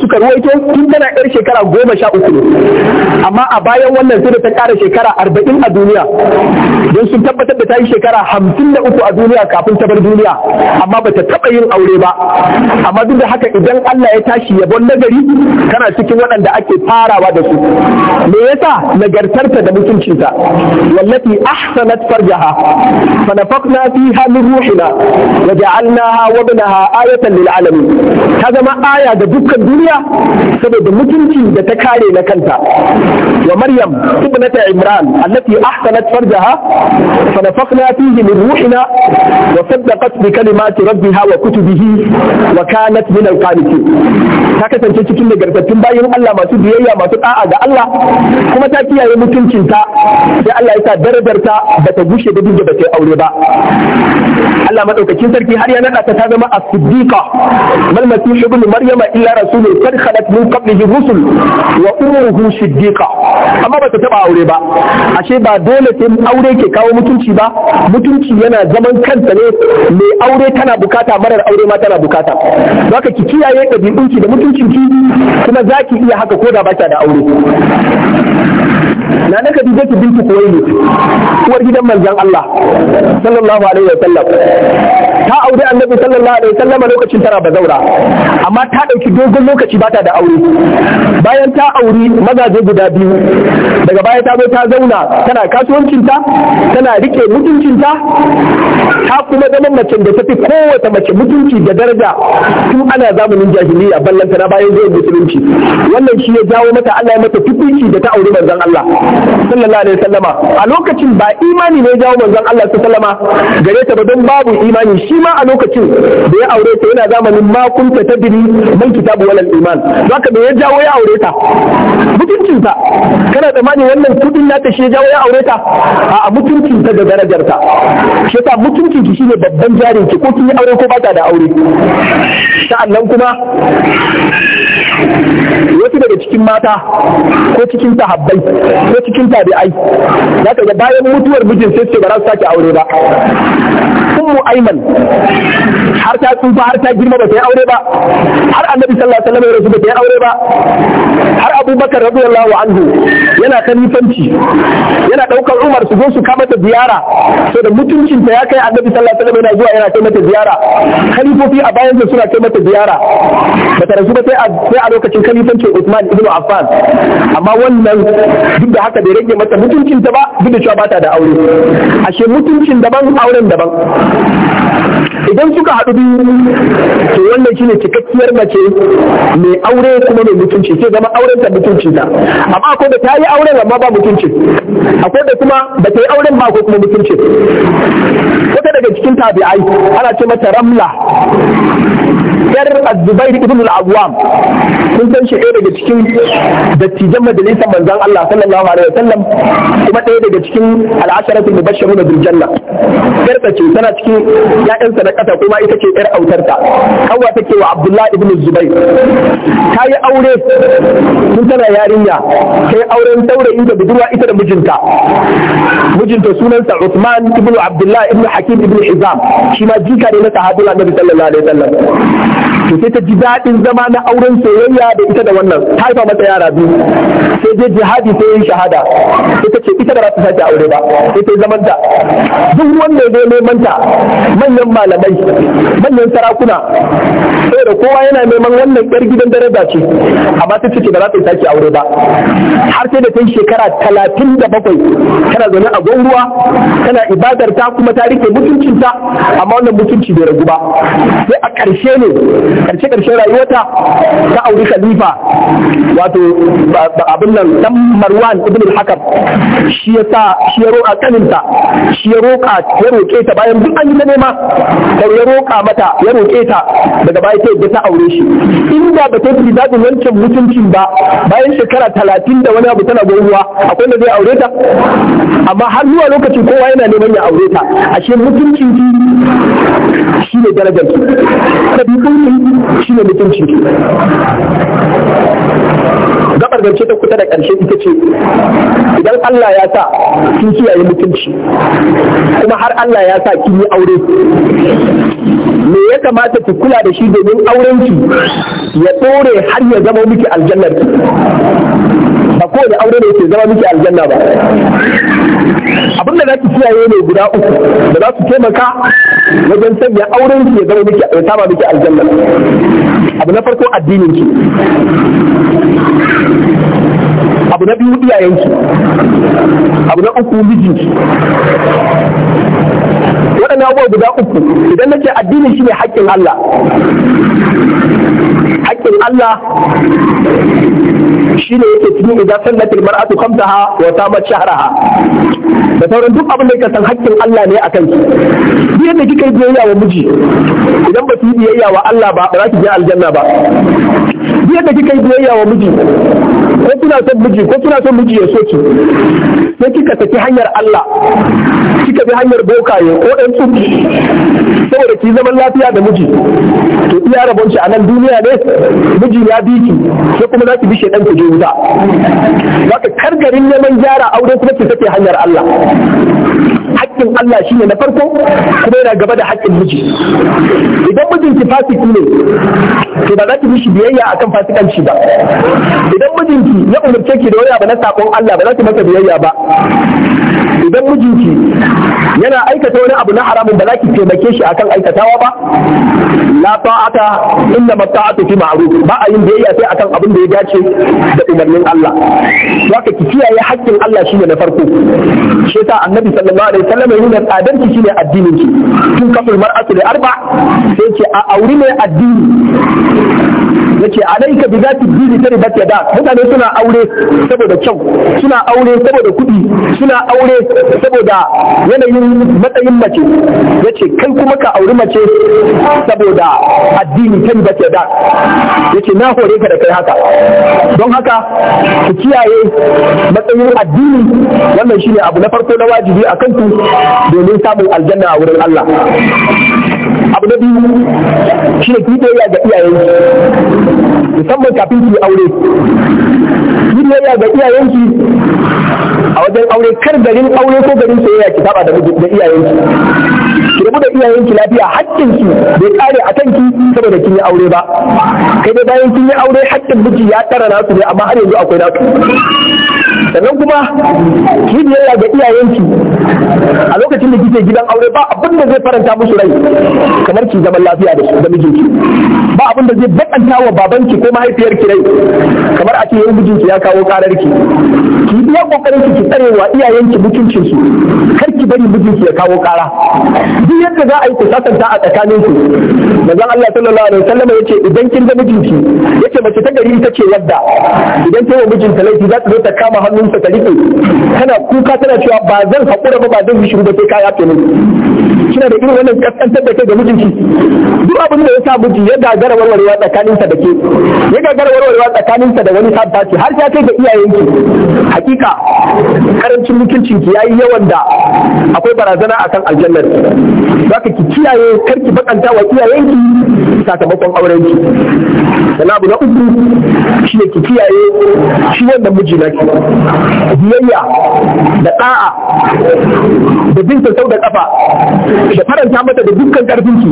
A: suka ruwaito tun tana yar shekara goma sha uku amma a bayan wannan sai da ta ƙara shekara arba'in a duniya don sun tabbatar da ta yi shekara hamsin da uku a duniya kafin ta bar duniya amma ba ta taɓa yin aure ba amma duk da haka idan Allah ya tashi yabon nagari kana cikin waɗanda ake farawa da su me yasa nagartarta da mutuncin wuta wallati ahsanat farjaha fa nafaqna fiha min ruhina wa ja'alnaha wa ibnaha ayatan lil alamin ta zama aya ga dukkan duniya saboda mutuncin da ta kare na kanta wa maryam ibnat imran allati ahsanat farjaha fa nafaqna fihi min ruhina wa saddaqat bi kalimati rabbiha wa kutubihi wa kanat min al-qanitin ta kasance cikin nagartattun bayin Allah masu biyayya masu da'a ga Allah kuma ta kiyaye mutuncinta sai Allah ya sa darajarta ba ta gushe da dinga ba aure ba Allah madaukakin sarki har ya nada ta ta zama as-siddiqa mal masih ibn maryama illa rasulun qad khalat min qablihi rusul wa ummuhu siddiqa amma ba ta taba aure ba ashe ba dole sai aure ke kawo mutunci ba mutunci yana zaman kansa ne mai aure tana bukata marar aure ma tana bukata haka ki kiyaye ɗabi'unki da mutuncin ki? kuma za ki iya haka ko da ba da aure na naka dije ki bintu Kuwailid uwar gidan manzon Allah sallallahu alaihi wa sallam ta aure annabi sallallahu alaihi wa sallam lokacin tara bazaura amma ta dauki dogon lokaci ba ta da aure bayan ta auri mazaje guda biyu daga baya ta zo ta zauna tana kasuwancinta tana rike mutuncinta ta kuma zama mace da tafi kowace mace mutunci da daraja tun ana zamanin jahiliya ballanta na bayan zai musulunci wannan shi ya jawo mata Allah ya mata tukunci da ta auri manzon Allah sallallahu alaihi sallama a lokacin ba imani ne jawo manzon Allah sallama gare ta ba don babu imani shi ma a lokacin da ya aure ta yana zamanin ma ta biri man kitabu walal iman zaka da ya jawo ya aure ta mutuncin ta kana tsammanin wannan kudin nata shi ya jawo ya aure ta a mutuncin ta da darajar ta shi yasa mutuncin ki shine babban jarin ki ko kin yi aure ko ba ta da aure sa'annan kuma wasu daga cikin mata ko cikin sahabbai ko cikin tabi'ai za ka ga bayan mutuwar mijin sai ce ba za su sake aure ba mu aiman har ta tsufa har ta girma ba ta yi aure ba har annabi sallallahu alaihi wasallam ya rasu ba ta yi aure ba har abubakar radiyallahu anhu yana kalifanci yana daukar umar su zo su kama ta ziyara so da mutuncin ta ya kai annabi sallallahu alaihi wasallam yana zuwa yana kai mata ziyara kalifofi a bayan suna kai mata ziyara ba ta rasu ba sai a lokacin kalifancin Usman ibn Affan amma wannan duk da haka bai rage mata mutuncin ta ba duk da cewa ba ta da aure ashe mutuncin daban auren daban idan suka haɗu to wannan shine cikakkiyar mace mai aure kuma mai mutunci ke zama auren ta mutunci ta amma akwai da ta yi auren amma ba mutunci akwai da kuma ba ta yi auren ba ko kuma mutunci wata daga cikin tabi'ai ana ce mata ramla yar azubair ibn al-awwam kun san shi ɗaya daga cikin dattijan majalisar manzon Allah sallallahu alaihi wa sallam, kuma ɗaya daga cikin al'asharatul mubashshiruna bil janna yar ta ce tana cikin ya'yansa na kasa kuma ita ce yar autarta kawwa take wa abdullahi ibn zubair ta yi aure sun tana yarinya sai yi auren saurayi da budurwa ita da mijinta mijinta sunansa usman ibn abdullahi ibn hakim ibn Hizam, shi ma jika ne na sahabi annabi sallallahu alaihi wasallam to sai ta ji daɗin zama na auren soyayya da ita da wannan ta haifa mata yara biyu sai je jihadi sai yin shahada ita ce ita da za ta sake aure ba sai ta zaman ta duk wanda ya neman ta manyan malamai manyan sarakuna da kowa yana neman wannan yar gidan daraja ce amma ta ce ba za ta yi sake aure ba har sai da ta shekara talatin da bakwai tana zaune a gwangwa tana ibadar ta kuma ta rike mutuncinta amma wannan mutunci bai ragu ba sai a ƙarshe ne ƙarshe ƙarshen rayuwarta ta auri khalifa wato abin nan dan marwan ibn al-hakam shi ya sa shi ya roƙa kaninta shi ya roƙa ya roƙe ta bayan duk an yi ta nema ta ya roƙa mata ya roƙe ta daga baya ta yadda ta aure shi inda ba ta fi daɗin wancan mutuncin ba bayan shekara talatin da wani abu tana gurguwa akwai da zai aure ta amma har zuwa lokacin kowa yana neman ya aure ta ashe mutuncin ki shi ne darajar ki ɗabi'un shi ne mutuncin ki gabar gance ta kuta da ƙarshe ita ce idan Allah ya sa kin kiyaye mutunci kuma har Allah ya sa kin yi aure me ya kamata ku kula da shi domin ki ya dore har ya zama miki aljannar ba ko da aure ne ke zama miki aljanna ba abin da za ki kiyaye ne guda uku da za su taimaka wajen sanya auren ki ya zama miki ya saba miki aljanna abu na farko addinin ki abu na biyu iyayen ki abu na uku mijinki waɗannan abubuwa guda uku idan na ce addini shi ne haƙƙin Allah haƙƙin Allah shi ne yake cikin idan sallatul mar'atu khamsaha wa tamat shahraha da sauran duk abin da ka san haƙƙin Allah ne a kan ki duk yadda kika yi biyayya wa miji idan ba ki yi biyayya wa Allah ba ba za ki je aljanna ba duk yadda kika yi biyayya wa miji ko kuna son miji ko kuna son miji ya so ki sai kika saki hanyar Allah kika bi hanyar bokaye ko waɗansu saboda ki zaman lafiya da miji to iya rabon shi a nan duniya ne miji ya bi ki sai kuma za ki bi shaidan ku je wuta za ka kargarin neman gyara aure kuma ki sake hanyar Allah haƙƙin Allah shine na farko kuma yana gaba da haƙƙin miji idan mijin ki fasiki ne to ba za ki mishi biyayya akan fasikanci ba idan mijinki ya umarce ki da wani abu na sakon Allah ba za ki masa biyayya ba idan mijinki yana aikata wani abu na haramun ba za ki taimake shi akan aikatawa ba la ta'ata inna ma ta'atu fi ma'ruf ba a yin biyayya sai akan abin da ya dace da umarnin Allah to haka ki kiyaye haƙƙin Allah shine na farko shi yasa annabi sallallahu alaihi wasallam yana tsadar ki shine addinin ki tun kafin mar'atu da arba sai ce a auri mai addini yake alaika bi zati dini tare ba ta da mutane suna aure saboda kyau suna aure saboda kuɗi suna aure saboda yanayin matsayin mace yace kai kuma ka auri mace saboda addini ta ba ta da yace na hore ka da kai haka don haka ku kiyaye matsayin addini wannan shine abu na farko na wajibi a ku domin samun aljanna a wurin Allah abu na biyu shine ki ga iyaye musamman kafin ki aure yi biyayya ga iyayenki a wajen aure kar garin aure ko garin soyayya ki saba da da iyayenki ki iyayenki lafiya haƙƙin ki bai kare a kanki saboda kin yi aure ba kai dai bayan kin yi aure haƙƙin miji ya tara nasu ne amma har yanzu akwai nasu sannan kuma ki biyayya ga iyayenki a lokacin da kike gidan aure ba abin da zai faranta musu rai kamar ki zaman lafiya da su da mijinki ba abin da zai bakanta wa babanki ko mahaifiyarki rai kamar a ce yau mijinki ya kawo kararki ki yi iya kokarin ki tsare wa iyayenki mutuncin su kar ki bari mijinki ya kawo kara duk yadda za a yi ku sasanta a tsakanin ku manzon Allah sallallahu alaihi wasallam yace idan kin ga mijinki yace mace ta gari ita ce yadda idan ta yi wa mijinta laifi za ta zo ta kama hannu hannunsa ka rike kana kuka tana cewa ba zan haƙura ba ba zan yi shiru ba sai kaya yafe kina da irin wannan kaskantar da kai da mijinki duk abin da ya sa miji ya gagara warwarewa tsakaninsa da ke ya gagara warwarewa tsakaninsa da wani sabbaci har ya kai ga iyayenki hakika karancin mutuncin ki yayi yawan da akwai barazana akan aljannar zaka ki kiyaye kar ki bakanta wa iyayenki sakamakon aurenki sannan abu na uku shi ne ki kiyaye shi wanda miji na ki biyayya da ɗa'a da jinsin sau da ƙafa da faranta mata da dukkan ƙarfinki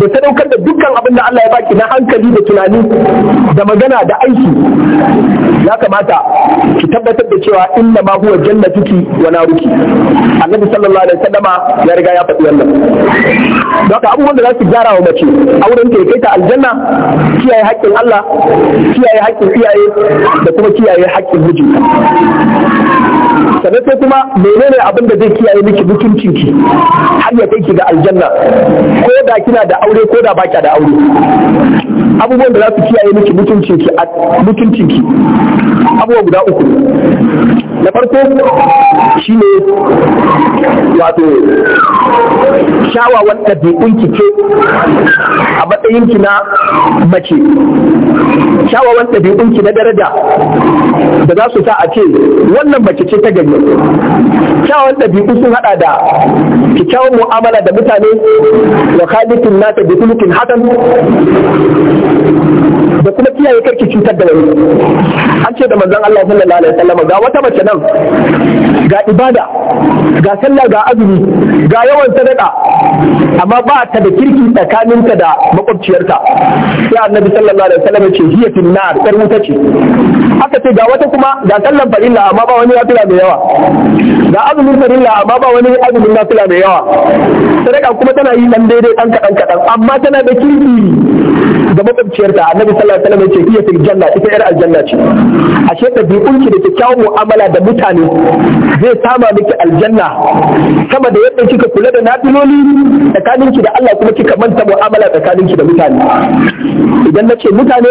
A: da sadaukar da dukkan abin da Allah ya baki na hankali da tunani da magana da aiki ya kamata ki tabbatar da cewa inna ma huwa jannatuki wa naruki annabi sallallahu alaihi wasallama ya riga ya faɗi wannan don haka abubuwan da za su gyara wa mace auren ta ya kai ta aljanna kiyaye haƙƙin Allah kiyaye haƙƙin iyaye da kuma kiyaye haƙƙin mijinta sannan sai kuma menene abin da zai kiyaye miki mutuncin ki har ya kai ki ga aljanna ko da kina da aure ko da baki da aure abubuwan da za su kiyaye miki mutuncin ki a mutuncin ki abubuwa guda uku na farko shine wato shawawan ɗabi'un ki ce a matsayin ki na mace shawawan ɗabi'un ki na daraja da za su sa a ce wannan mace ce ta gari kyawun ɗabi'u sun haɗa da kyawun mu'amala da mutane wa khaliqin nata bi kullukin hatan da kuma kiyaye karki cutar da wani an ce da manzon Allah sallallahu alaihi wasallam ga wata mace nan ga ibada ga sallah ga azumi ga yawan sadaka amma ba ta da kirki tsakaninta da makwabciyarta sai annabi sallallahu alaihi wasallam ya ce hiya fil nar ce aka ce ga wata kuma ga sallah sallan farilla amma ba wani nafila mai yawa ga azumin farilla amma ba wani azumin nafila da yawa sadaka kuma tana yi dan daidai dan kadan kadan amma tana da kirki ga makwabciyarta annabi sallallahu alaihi wasallam ki ce fil janna ita yar aljanna ce ashe dabi'un ki da kyakkyawan mu'amala da mutane zai sama miki aljanna sama da yadda kika kula da nafiloli tsakaninki da Allah kuma kika manta mu'amala tsakaninki da mutane idan na ce mutane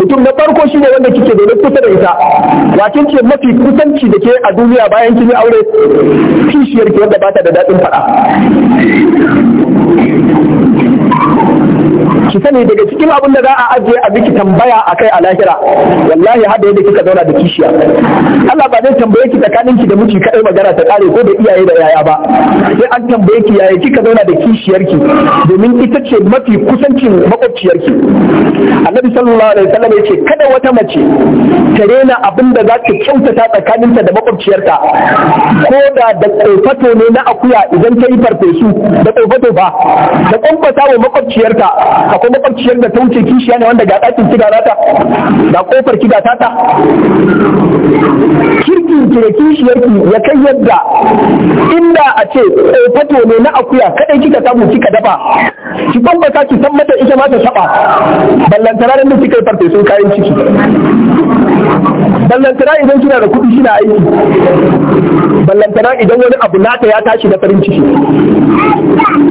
A: mutum na farko shine wanda kike da kusa da ita wato ita ce mafi kusanci da ke a duniya bayan kin yi aure kishiyar ki wanda ba ta da daɗin faɗa ki sani daga cikin abin da za a ajiye a miki tambaya a kai a lahira wallahi hada yadda kika zauna da kishiya Allah ba zai tambaye ki tsakanin ki da miji kadai magana ta kare ko da iyaye da yaya ba sai an tambaye ki yaya kika zauna da kishiyar ki. domin ita ce mafi kusancin makwabciyarki Annabi sallallahu alaihi wasallam ya ce kada wata mace ta rena abin da za ta kyautata tsakaninta da makwabciyarta ko da da kofato ne na akuya idan ta yi farfesu da kofato ba ta kwamfata wa makwabciyarta akwai makwabciyar da ta wuce kishiya ne wanda ga ɗakin kiga ta ga kofar kiga ta ta kirkin ki da kishiyar ki ya kai yadda inda a ce fato ne na akuya kadai kika samu kika dafa ki bambata ki san mata ita ma ta saba ballantana da kika yi farfesun kayan ciki ballantana idan kina da kuɗi kina aiki ballantana idan wani abu nata ya tashi na farin ciki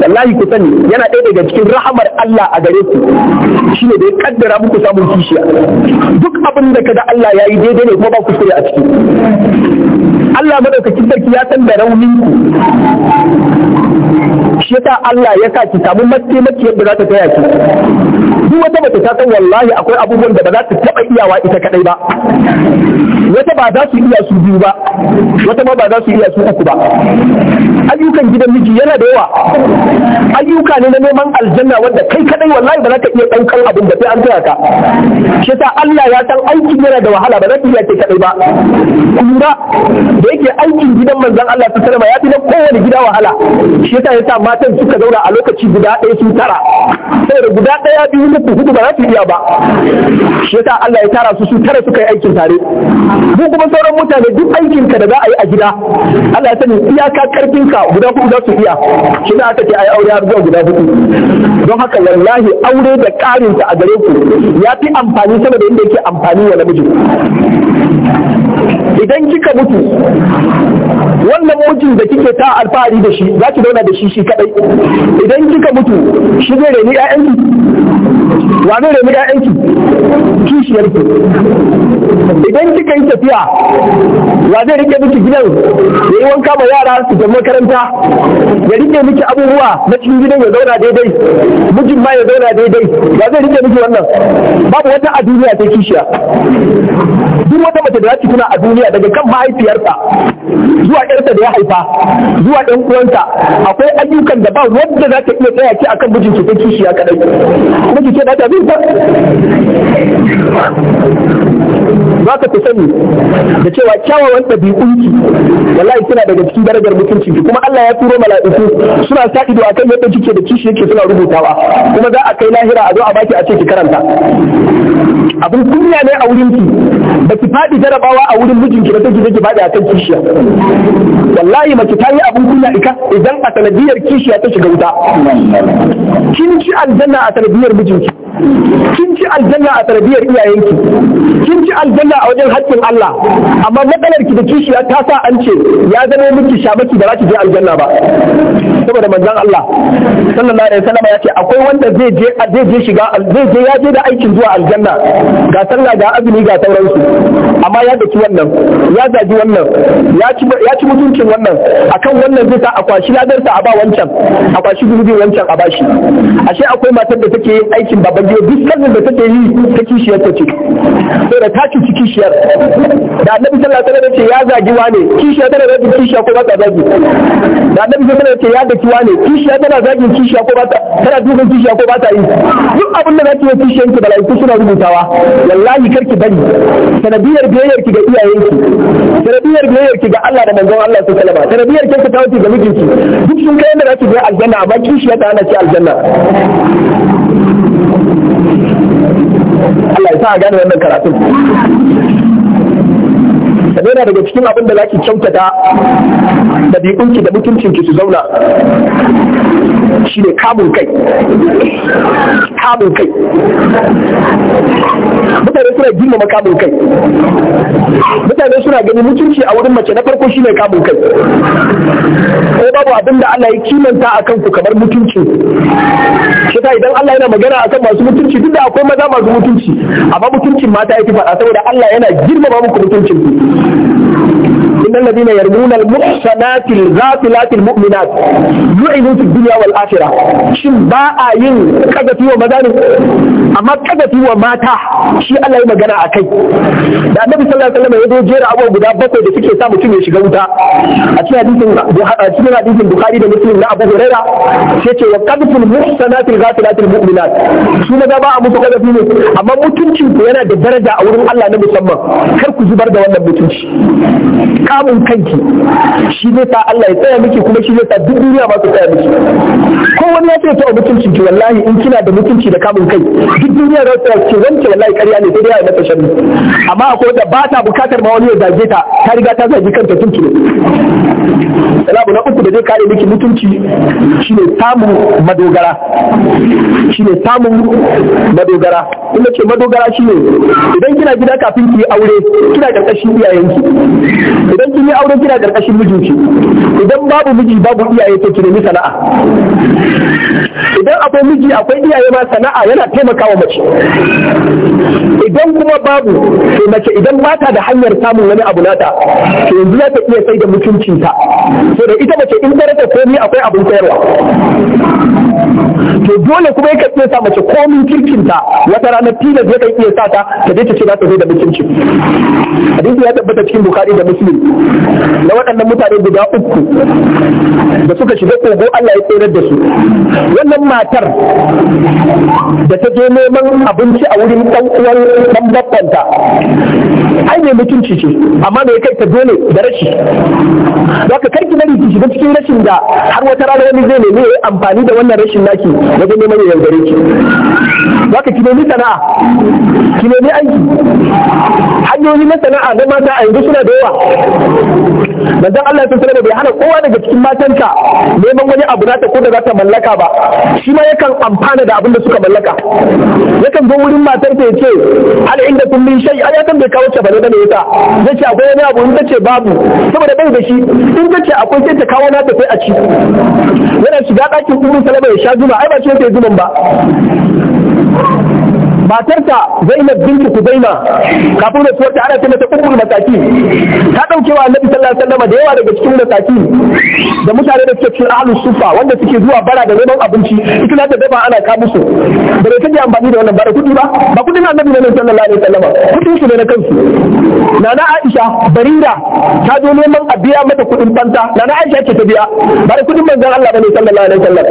A: wallahi ku sani yana ɗaya daga cikin rahamar Allah a gare ku shi ne da ya kaddara muku samun kishiya duk abin da kada Allah ya yi daidai ne kuma ba kuskure a ciki Allah madaukakin sarki ya san da raunin ku shi yasa Allah ya sa ki samu mace yadda za ta taya ki duk wata mace ta san wallahi akwai abubuwan da ba za ta taba iyawa ita kadai ba wata ba za su iya su biyu ba wata ba za su iya su uku ba ayyukan gidan miji yana da yawa ayyuka ne na neman aljanna wanda kai kadai wallahi ba za ka iya ɗaukar abin da sai an tsaya ka shi ta Allah ya san aikin yana da wahala ba za ka iya ke kaɗai ba kuma da yake aikin gidan manzon Allah ta sarama ya fi na kowane gida wahala shi ta yasa matan suka zauna a lokaci guda ɗaya su tara saboda guda ɗaya biyu uku hudu ba za su iya ba shi ta Allah ya tara su su tara suka yi aikin tare Ku kuma sauran mutane duk aikin ka da za a yi a gida Allah ya sani iyaka karfin ka guda hudu za su iya shi da aka ce ai aure har zuwa guda hudu don haka wallahi aure da ta a gare ku ya fi amfani sama da inda yake amfani wa namiji idan kika mutu wannan mutum da kike ta alfahari da shi za ki zauna da shi shi kadai idan kika mutu shi zai reni ƴaƴanki wa zai reni kishiyar kishiyarki idan kika yi tafiya wa zai rike miki gidan ya yi wanka ma yara su tafi makaranta ya rike miki abubuwa na cikin gidan ya zauna daidai mijin ma ya zauna yana daidai ba zai rike miki wannan babu wata a duniya ta kishiya duk wata mace da za tuna a duniya daga kan mahaifiyarta zuwa ƴarta da ya haifa zuwa ɗan uwanta akwai ayyukan da ba wanda za ta iya tsaya ki akan mijinki ki ta kishiya kadai miki ce da ta bi ba za ka sani da cewa kyawawan ɗabi'unki wallahi suna daga cikin darajar mutunci kuma Allah ya turo mala'iku suna sa ido akan yadda kike da kishi yake suna rubutawa kuma za a a kai lahira a zo a baki a ce ki karanta abin kunya ne a wurin ki ba ki faɗi jarabawa a wurin mijinki ba sai ki zaki ki a kan kishiya wallahi mace ta yi abin kunya ika idan a sanadiyar kishiya ta shiga wuta kin ci aljanna a sanadiyar mijinki kin ci aljanna a sanadiyar iyayenki kin ci aljanna a wajen haƙƙin Allah amma matsalar ki da kishiya ta sa an ce ya zama miki shamaki da za ki je aljanna ba saboda manzon Allah sallallahu alaihi wasallam ya ce akwai wanda zai je zai je shiga zai je ya je da aikin zuwa aljanna ga sallah ga azumi ga sauransu amma ya daki wannan ya zagi wannan ya ci mutuncin wannan akan wannan zai sa a kwashi ladarsa a ba wancan a kwashi gurbin wancan a bashi ashe akwai matar da take yin aikin babban gida duk sallar da take yi ta kishiyar ta ce sai da ta cuci kishiyar da annabi sallallahu alaihi wasallam ce ya zagi wane kishiyar tana zagin kishiya ko ba ta zagi da annabi sallallahu alaihi wasallam ce ya daki wane kishiyar tana zagin kishiya ko ba ta tana kishiya ko ba ta bala'i duk abin da zaki yi kishiyan ki bala'i suna rubutawa wallahi kar ki bari sanadiyar biyayyar ki ga iyayenki sanadiyar biyayyar ki ga Allah da manzon Allah sallallahu alaihi wasallam sanadiyar ki ta wuce ga mijinki duk sun kai da zaki je aljanna amma kishiya ta hana ki aljanna Allah ya sa a gane wannan karatun sannan yana daga cikin abin da zaki kyautata ɗabi'unki da mutuncinki su zauna shi ne kamun kai kamun kai mutane suna girmama makamun kai mutane suna gani mutunci a wurin mace na farko shi ne kamun kai ko babu abin da Allah ya kimanta a kanku kamar mutunci shi ta idan Allah yana magana akan masu mutunci duk da akwai maza masu mutunci amma mutuncin mata ya fi faɗa saboda Allah yana girmama muku mutuncin إن الذين يرمون المحصنات الغافلات المؤمنات لعنوا في الدنيا والآخرة شن باء ين كذتي ومدان أما كذتي وماتا شي الله يما أكي da annabi sallallahu alaihi wasallam ya jera abubuwa guda bakwai da suke sa mutum ya shiga wuta a cikin hadisin a cikin hadisin bukhari da muslim na abu huraira sai ce wa qadful muhsanatil ghafilatil mu'minat su na ba a musu kadafi ne amma mutuncin ku yana da daraja a wurin Allah na musamman kar ku zubar da wannan mutunci shi kamun kanki shi zai sa Allah ya tsaya miki kuma shi zai sa duk duniya ba su tsaya miki ko wani ya ce ta mutunci ki wallahi in kina da mutunci da kamun kai duk duniya za ta ce wanke wallahi ƙarya ne sai dai ya mata shanu. amma akwai wanda ba ta bukatar ma wani ya zage ta ta riga ta zage kanta tunki ne salamu na uku da zai kare miki mutunci shine samun madogara shine samun madogara inda ce madogara shine idan kina gida kafin ki aure kina karkashin iyaye iyayenki idan kin yi aure kina karkashin mijinki idan babu miji babu iyaye to ki nemi sana'a idan akwai miji akwai iyaye ma sana'a yana taimakawa mace idan kuma babu to mace idan mata da hanyar samun wani abu nata to yanzu za ta iya sai da mutuncinta to da ita mace in ta komai akwai abin koyarwa to dole kuma ya kasance sa mace komin kirkinta wata rana tilas ya kan iya sa ta ta je ta ce za ta zo da mutunci hadisi ya tabbata fita cikin bukari da musulun. na waɗannan mutane guda uku da suka shiga kogo Allah ya tsere da su wannan matar da ta je neman abinci a wurin ɗan uwan ɗan babbanta ai ne mutunci ce amma me kai ta dole da rashi zaka kar ki bari rikici shiga cikin rashin da har wata rana wani zai nemi yayi amfani da wannan rashin naki wajen neman ya yaudare ki zaka ki nemi sana'a ki nemi aiki hanyoyi na sana'a na mata yanzu suna da yawa manzon Allah sun sanar bai hana kowa daga cikin matanka neman wani abu ta ko da za ta mallaka ba shi ma yakan amfana da abin da suka mallaka yakan zo wurin matar ya ce, hal inda kun min shay ai yakan bai kawo ta bane bane Ya ce akwai wani abu in tace babu saboda bai da shi in tace akwai sai ta kawo nata sai a ci yana shiga ɗakin ummu salama ya sha zuma ai ba shi yake zuman ba matarta Zainab binti Kudaima kafin da ta ana ce mata ummul mataki ta dauke wa Annabi sallallahu alaihi wasallam da yawa daga cikin mataki da mutane da suke cikin ahlus sufa wanda suke zuwa bara da neman abinci ita za ta daba ana ka musu da bai take amfani da wannan bara kudi ba ba na Annabi ne sallallahu alaihi wasallam kudi su ne na kansu nana Aisha Barira ta zo neman a biya mata kudin banta nana Aisha ce ta biya ba da kudin manzon Allah bane sallallahu alaihi wasallam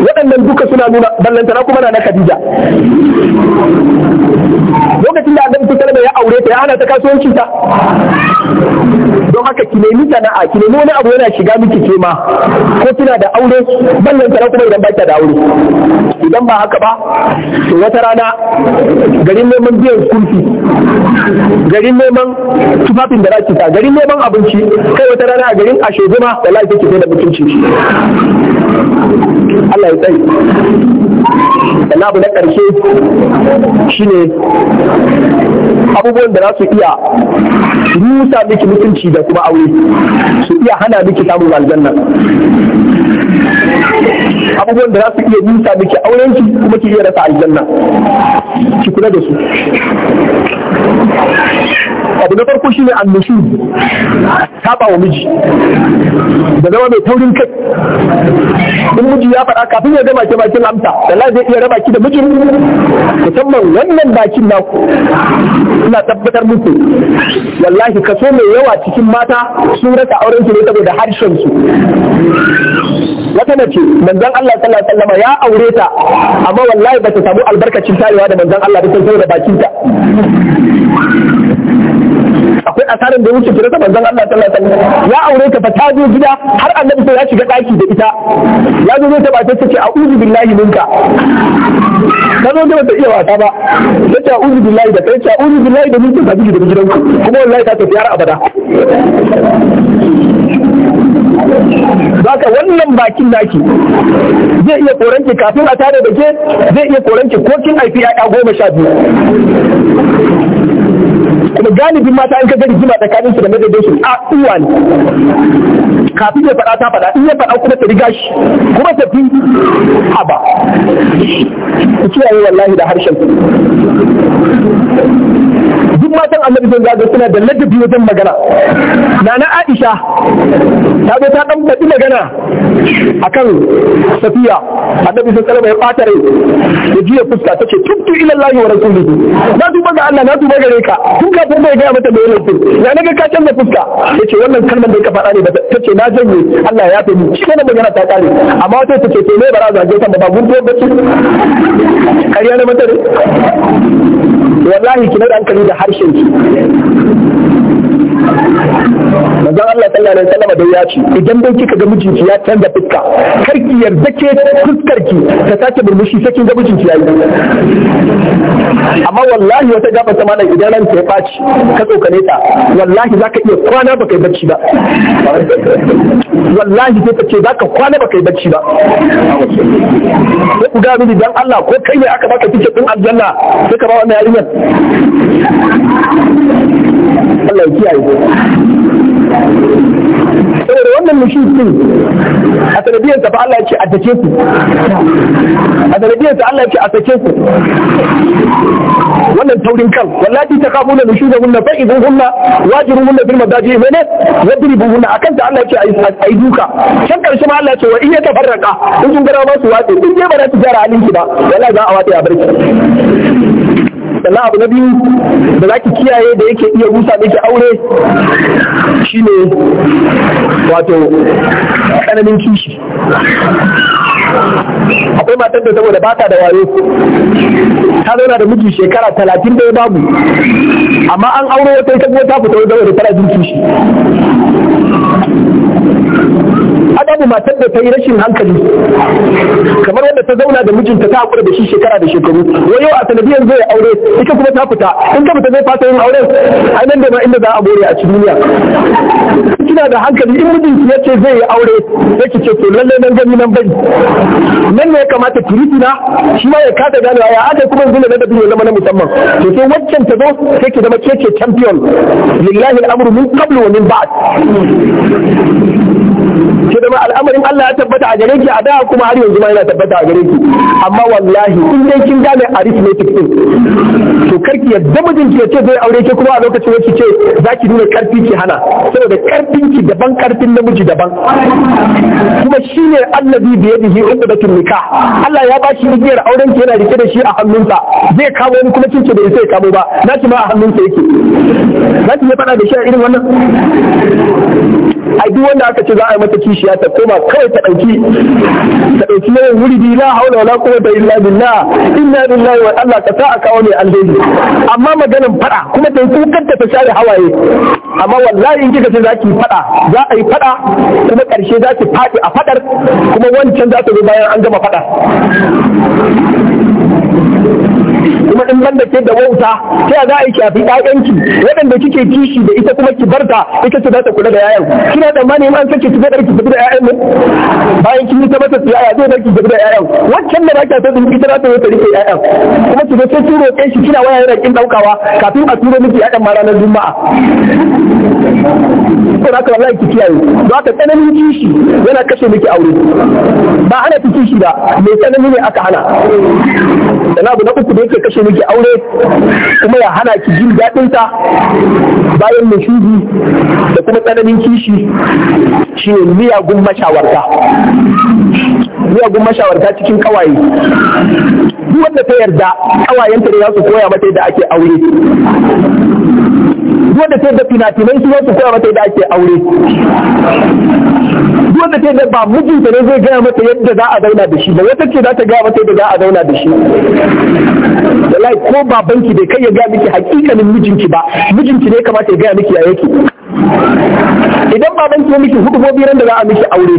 A: waɗannan duka suna nuna ballantana kuma na Khadija lokacin da annabi ta kalma ya aure ta ya hana ta kasuwanci ta don haka ki nemi sana'a ki nemi wani abu yana shiga miki ke ma ko kina da aure ballan sana kuma idan baki da aure idan ba haka ba to wata rana garin neman biyan kurfi garin neman tufafin da zaki ta garin neman abinci kai wata rana a garin ashe ma wallahi kike da mutunci Allah ya tsaye sannan abu na ƙarshe ne abubuwan da za su iya rusa miki mutunci da kuma aure su iya hana miki samun aljanna abubuwan da za su iya rusa miki aurenki kuma ki iya rasa aljanna ki kula da su abu na farko shi ne annushu saba wa miji da zama mai taurin kai in miji ya faɗa kafin ya gama ke bakin amsa da zai ya raba ki da mijin musamman wannan bakin naku ina tabbatar muku wallahi kaso mai yawa cikin mata sun rasa auren su ne saboda harshen su wata mace manzon Allah sallallahu alaihi wasallam ya aure ta amma wallahi ba ta samu albarkacin tarewa da manzon Allah ba sai da bakin ta akwai asarar da wuce fira ta manzon Allah sallallahu alaihi wasallam ya aure ta fa ta zo gida har annabi sai ya shiga daki da ita ya zo ta bata ta ce a'udhu billahi minka ta zo da ta iya wasa ba ta ce a'udhu billahi da kai ce a'udhu billahi da minka ta bi da gidanku kuma wallahi ta tafi har abada Baka wannan bakin naki zai iya koranki kafin a tare da ke zai iya koranki ko kin haifi ya goma sha biyu. Kuma galibin mata in ka gani rigima tsakanin su da madadin a uwa ne kafin ya faɗa ta faɗa in ya faɗa kuma ta riga shi kuma ta fi haba ku kiyaye wallahi da harshen duk matan annabi zan zaga suna da ladabi wajen magana nana aisha ta zo ta dan faɗi magana akan safiya annabi sun salama ya ɓata rai ya jiya fuska ta ce tun ila lahi wa rasulihi na duba ga Allah na duba gare ka tun kafin bai gaya mata mai lantarki. ya ka canza fuska ce wannan kalmar da ya faɗa ne ta ce na janye Allah ya fi shi ne magana ta kare amma wata ta ce to ne bara zage kan ba gunto ba ce kariya na mata ne wallahi ki da hankali da harshen ki manzon Allah sallallahu alaihi wasallam da ya ce idan dai kika ga mijinki ya canza fuska kar ki yarda ke fuskar ki ta sake burmushi sai kin ga mijinki yayi amma wallahi wata gaba ta malam idan nan ta ya faci ka tsokane ta wallahi zaka iya kwana ba yi bacci ba wallahi sai ka ce zaka kwana ba yi bacci ba sai ku ga mini dan Allah ko kai ne aka baka kike din aljanna sai ka ba wannan yarinya
B: Allah ya kiyaye saboda wannan mushrik din
A: a sanadiyar fa Allah ya ce a take ku a sanadiyar Allah ya ce a sake ku wannan taurin kan wallahi ta kafu na nushu da hunna fa idan hunna wajirun hunna bil madaji mene yadribu hunna akan ta Allah ya ce a yi duka can karshe ma Allah ya ce wa in ya tafarraka in kun gara ma su wace in je ba za su gyara halin ki ba wallahi za a wace a barki sannan abu na biyu da za ki kiyaye da yake iya rusa miki aure shine wato tsananin kishi akwai matar da saboda ba ta da wayo ta zauna da miji shekara talatin da ya babu amma an auro wata ita kuma ta fita wajen tana jin kishi adabu matar da ta yi rashin hankali kamar wanda ta zauna da mijinta ta haƙura da shi shekara da shekaru wayo yau a sanadiyar zai aure ita kuma ta fita in ta fita zai fata yin auren ai nan da ma inda za a bore a cikin duniya kina da hankali in mijinki ya ce zai yi aure sai ce to lalle nan gani nan bari nan ne ya kamata kiriti na shi ma ya kada ganewa ya aka kuma zuna na dabi ya zama na musamman to sai waccan ta zo sai ki zama kece champion lillahi al'amru min qablu wa min ba'd ke da al'amarin Allah ya tabbata a gare ki a da kuma har yanzu ma yana tabbata a gare ki amma wallahi in dai kin gane arithmetic din to karki yadda mijinki ya ce zai aure ke kuma a lokacin wacce ce za ki nuna karfi ki hana saboda karfin ki daban karfin namiji daban kuma shi ne allazi da shi, bihi uqdatun nikah Allah ya bashi igiyar auren ki yana rike da shi a hannunsa zai kamo ni kuma kince da ya sai kamo ba na ki ma a hannunsa yake za ki iya faɗa da shi irin wannan a duk wanda aka ce za a yi mata kishiya ta koma kawai ta ɗauki ta ɗauki yawan wuri la haula wala quwwata illa billah inna lillahi wa Allah ka sa kawo alheri amma maganin fada kuma ta yi kanta ta share hawaye amma wallahi in kika ce za ki fada za a yi fada kuma karshe za ki faɗi a fadar kuma wancan za ta zo bayan an gama fada kuma in banda ke da wauta sai za a yi shafi 'ya'yanki, waɗanda kike kishi da ita kuma ki barta ita ce za ta kula da yayan kina da mani ma an sake ki fadar ki tafi da yayan mun bayan kin yi ta mata tsiyaya zai bar ki tafi da yayan waccan da ba ka san ita za ta yi ta rike yayan kuma ki zo sai ki roƙe shi kina waya yana kin daukawa kafin a tura miki yayan ma ranar juma'a ko za ka wallahi ki kiyaye za ka tsananin kishi yana kashe miki aure ba ana ki kishi ba mai tsanani ne aka hana abu na uku da yake kashe miki aure kuma ya hana ki jin daɗin ta bayan nushudi da kuma tsananin kishi shi ne miyagun mashawarta miyagun mashawarta cikin kawaye duk wanda ta yarda kawayenta ne za su koya mata yadda ake aure wanda ta yi da finafinai su wasu koya mata yadda ake aure wanda ta yi da ba mijinta ne zai gaya mata yadda za a zauna da shi ba wata ce za ta gaya mata yadda za a zauna da shi wallahi ko banki bai kai ya gaya miki hakikanin mijinki ba mijinki ne kamata ya gaya miki ya yake idan babanki ya miki hudubobi ran da za a miki aure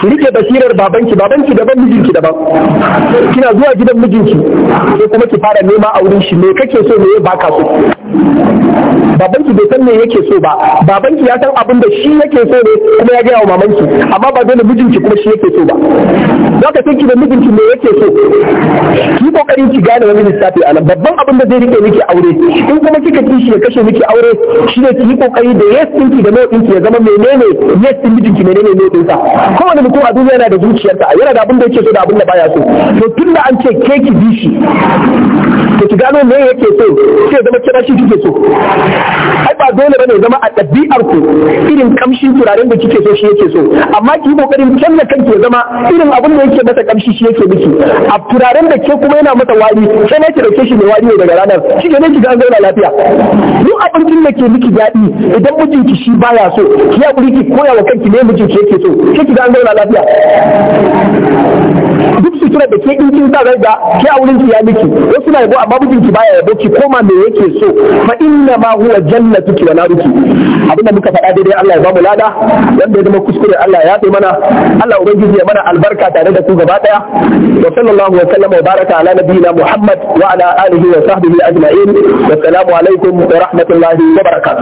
A: ki rike basirar babanki babanki daban mijinki daban kina zuwa gidan mijinki sai kuma ki fara nema auren shi me kake so me baka so babanki bai san me yake so ba babanki ya san abin da shi yake so ne kuma ya gaya wa mamanki amma ba dole mijinki kuma shi yake so ba za ka san ki da mijinki me yake so ki kokarin ki gane wani lissafi a nan babban abin da zai rike miki aure in kuma kika kishi ya kashe miki aure shi ne ki yi kokari da yes ɗinki da no ɗinki ya zama menene yes ɗin mijinki menene no ɗinka? kowane mutum a duniya yana da zuciyarsa yana da abin da yake so da abin da baya so to tun da an ce ke ki bi shi to ki gano me yake so sai zama kira shi kike so ai ba dole bane zama a ɗabi'ar ku irin kamshin turaren da kike so shi yake so amma ki yi kokarin canza kanki ya zama irin abin da yake masa kamshi shi yake miki a turaren da ke kuma yana masa wari sai ne ki dauke shi mai wari ne daga ranar shi ne ki ga an zauna lafiya duk abin da ke miki daɗi idan mijinki shi baya so ki haƙuri ki koya wa kanki me mijinki yake so ki ki ga an zauna lafiya duk sutura da ke ɗinkin sa zai ga ke a wurin ya miki wasu na yabo amma mijinki baya yabo ki koma me yake so fa inna ma huwa jannatuki wa naruki abinda muka faɗa daidai Allah ya bamu lada wanda ya zama kuskure Allah ya fi mana Allah ubangiji ya mana albarka tare da ku gaba daya wa sallallahu wa sallama wa baraka ala nabiyina Muhammad wa ala alihi wa sahbihi ajma'in wa assalamu alaikum wa rahmatullahi wa barakatuh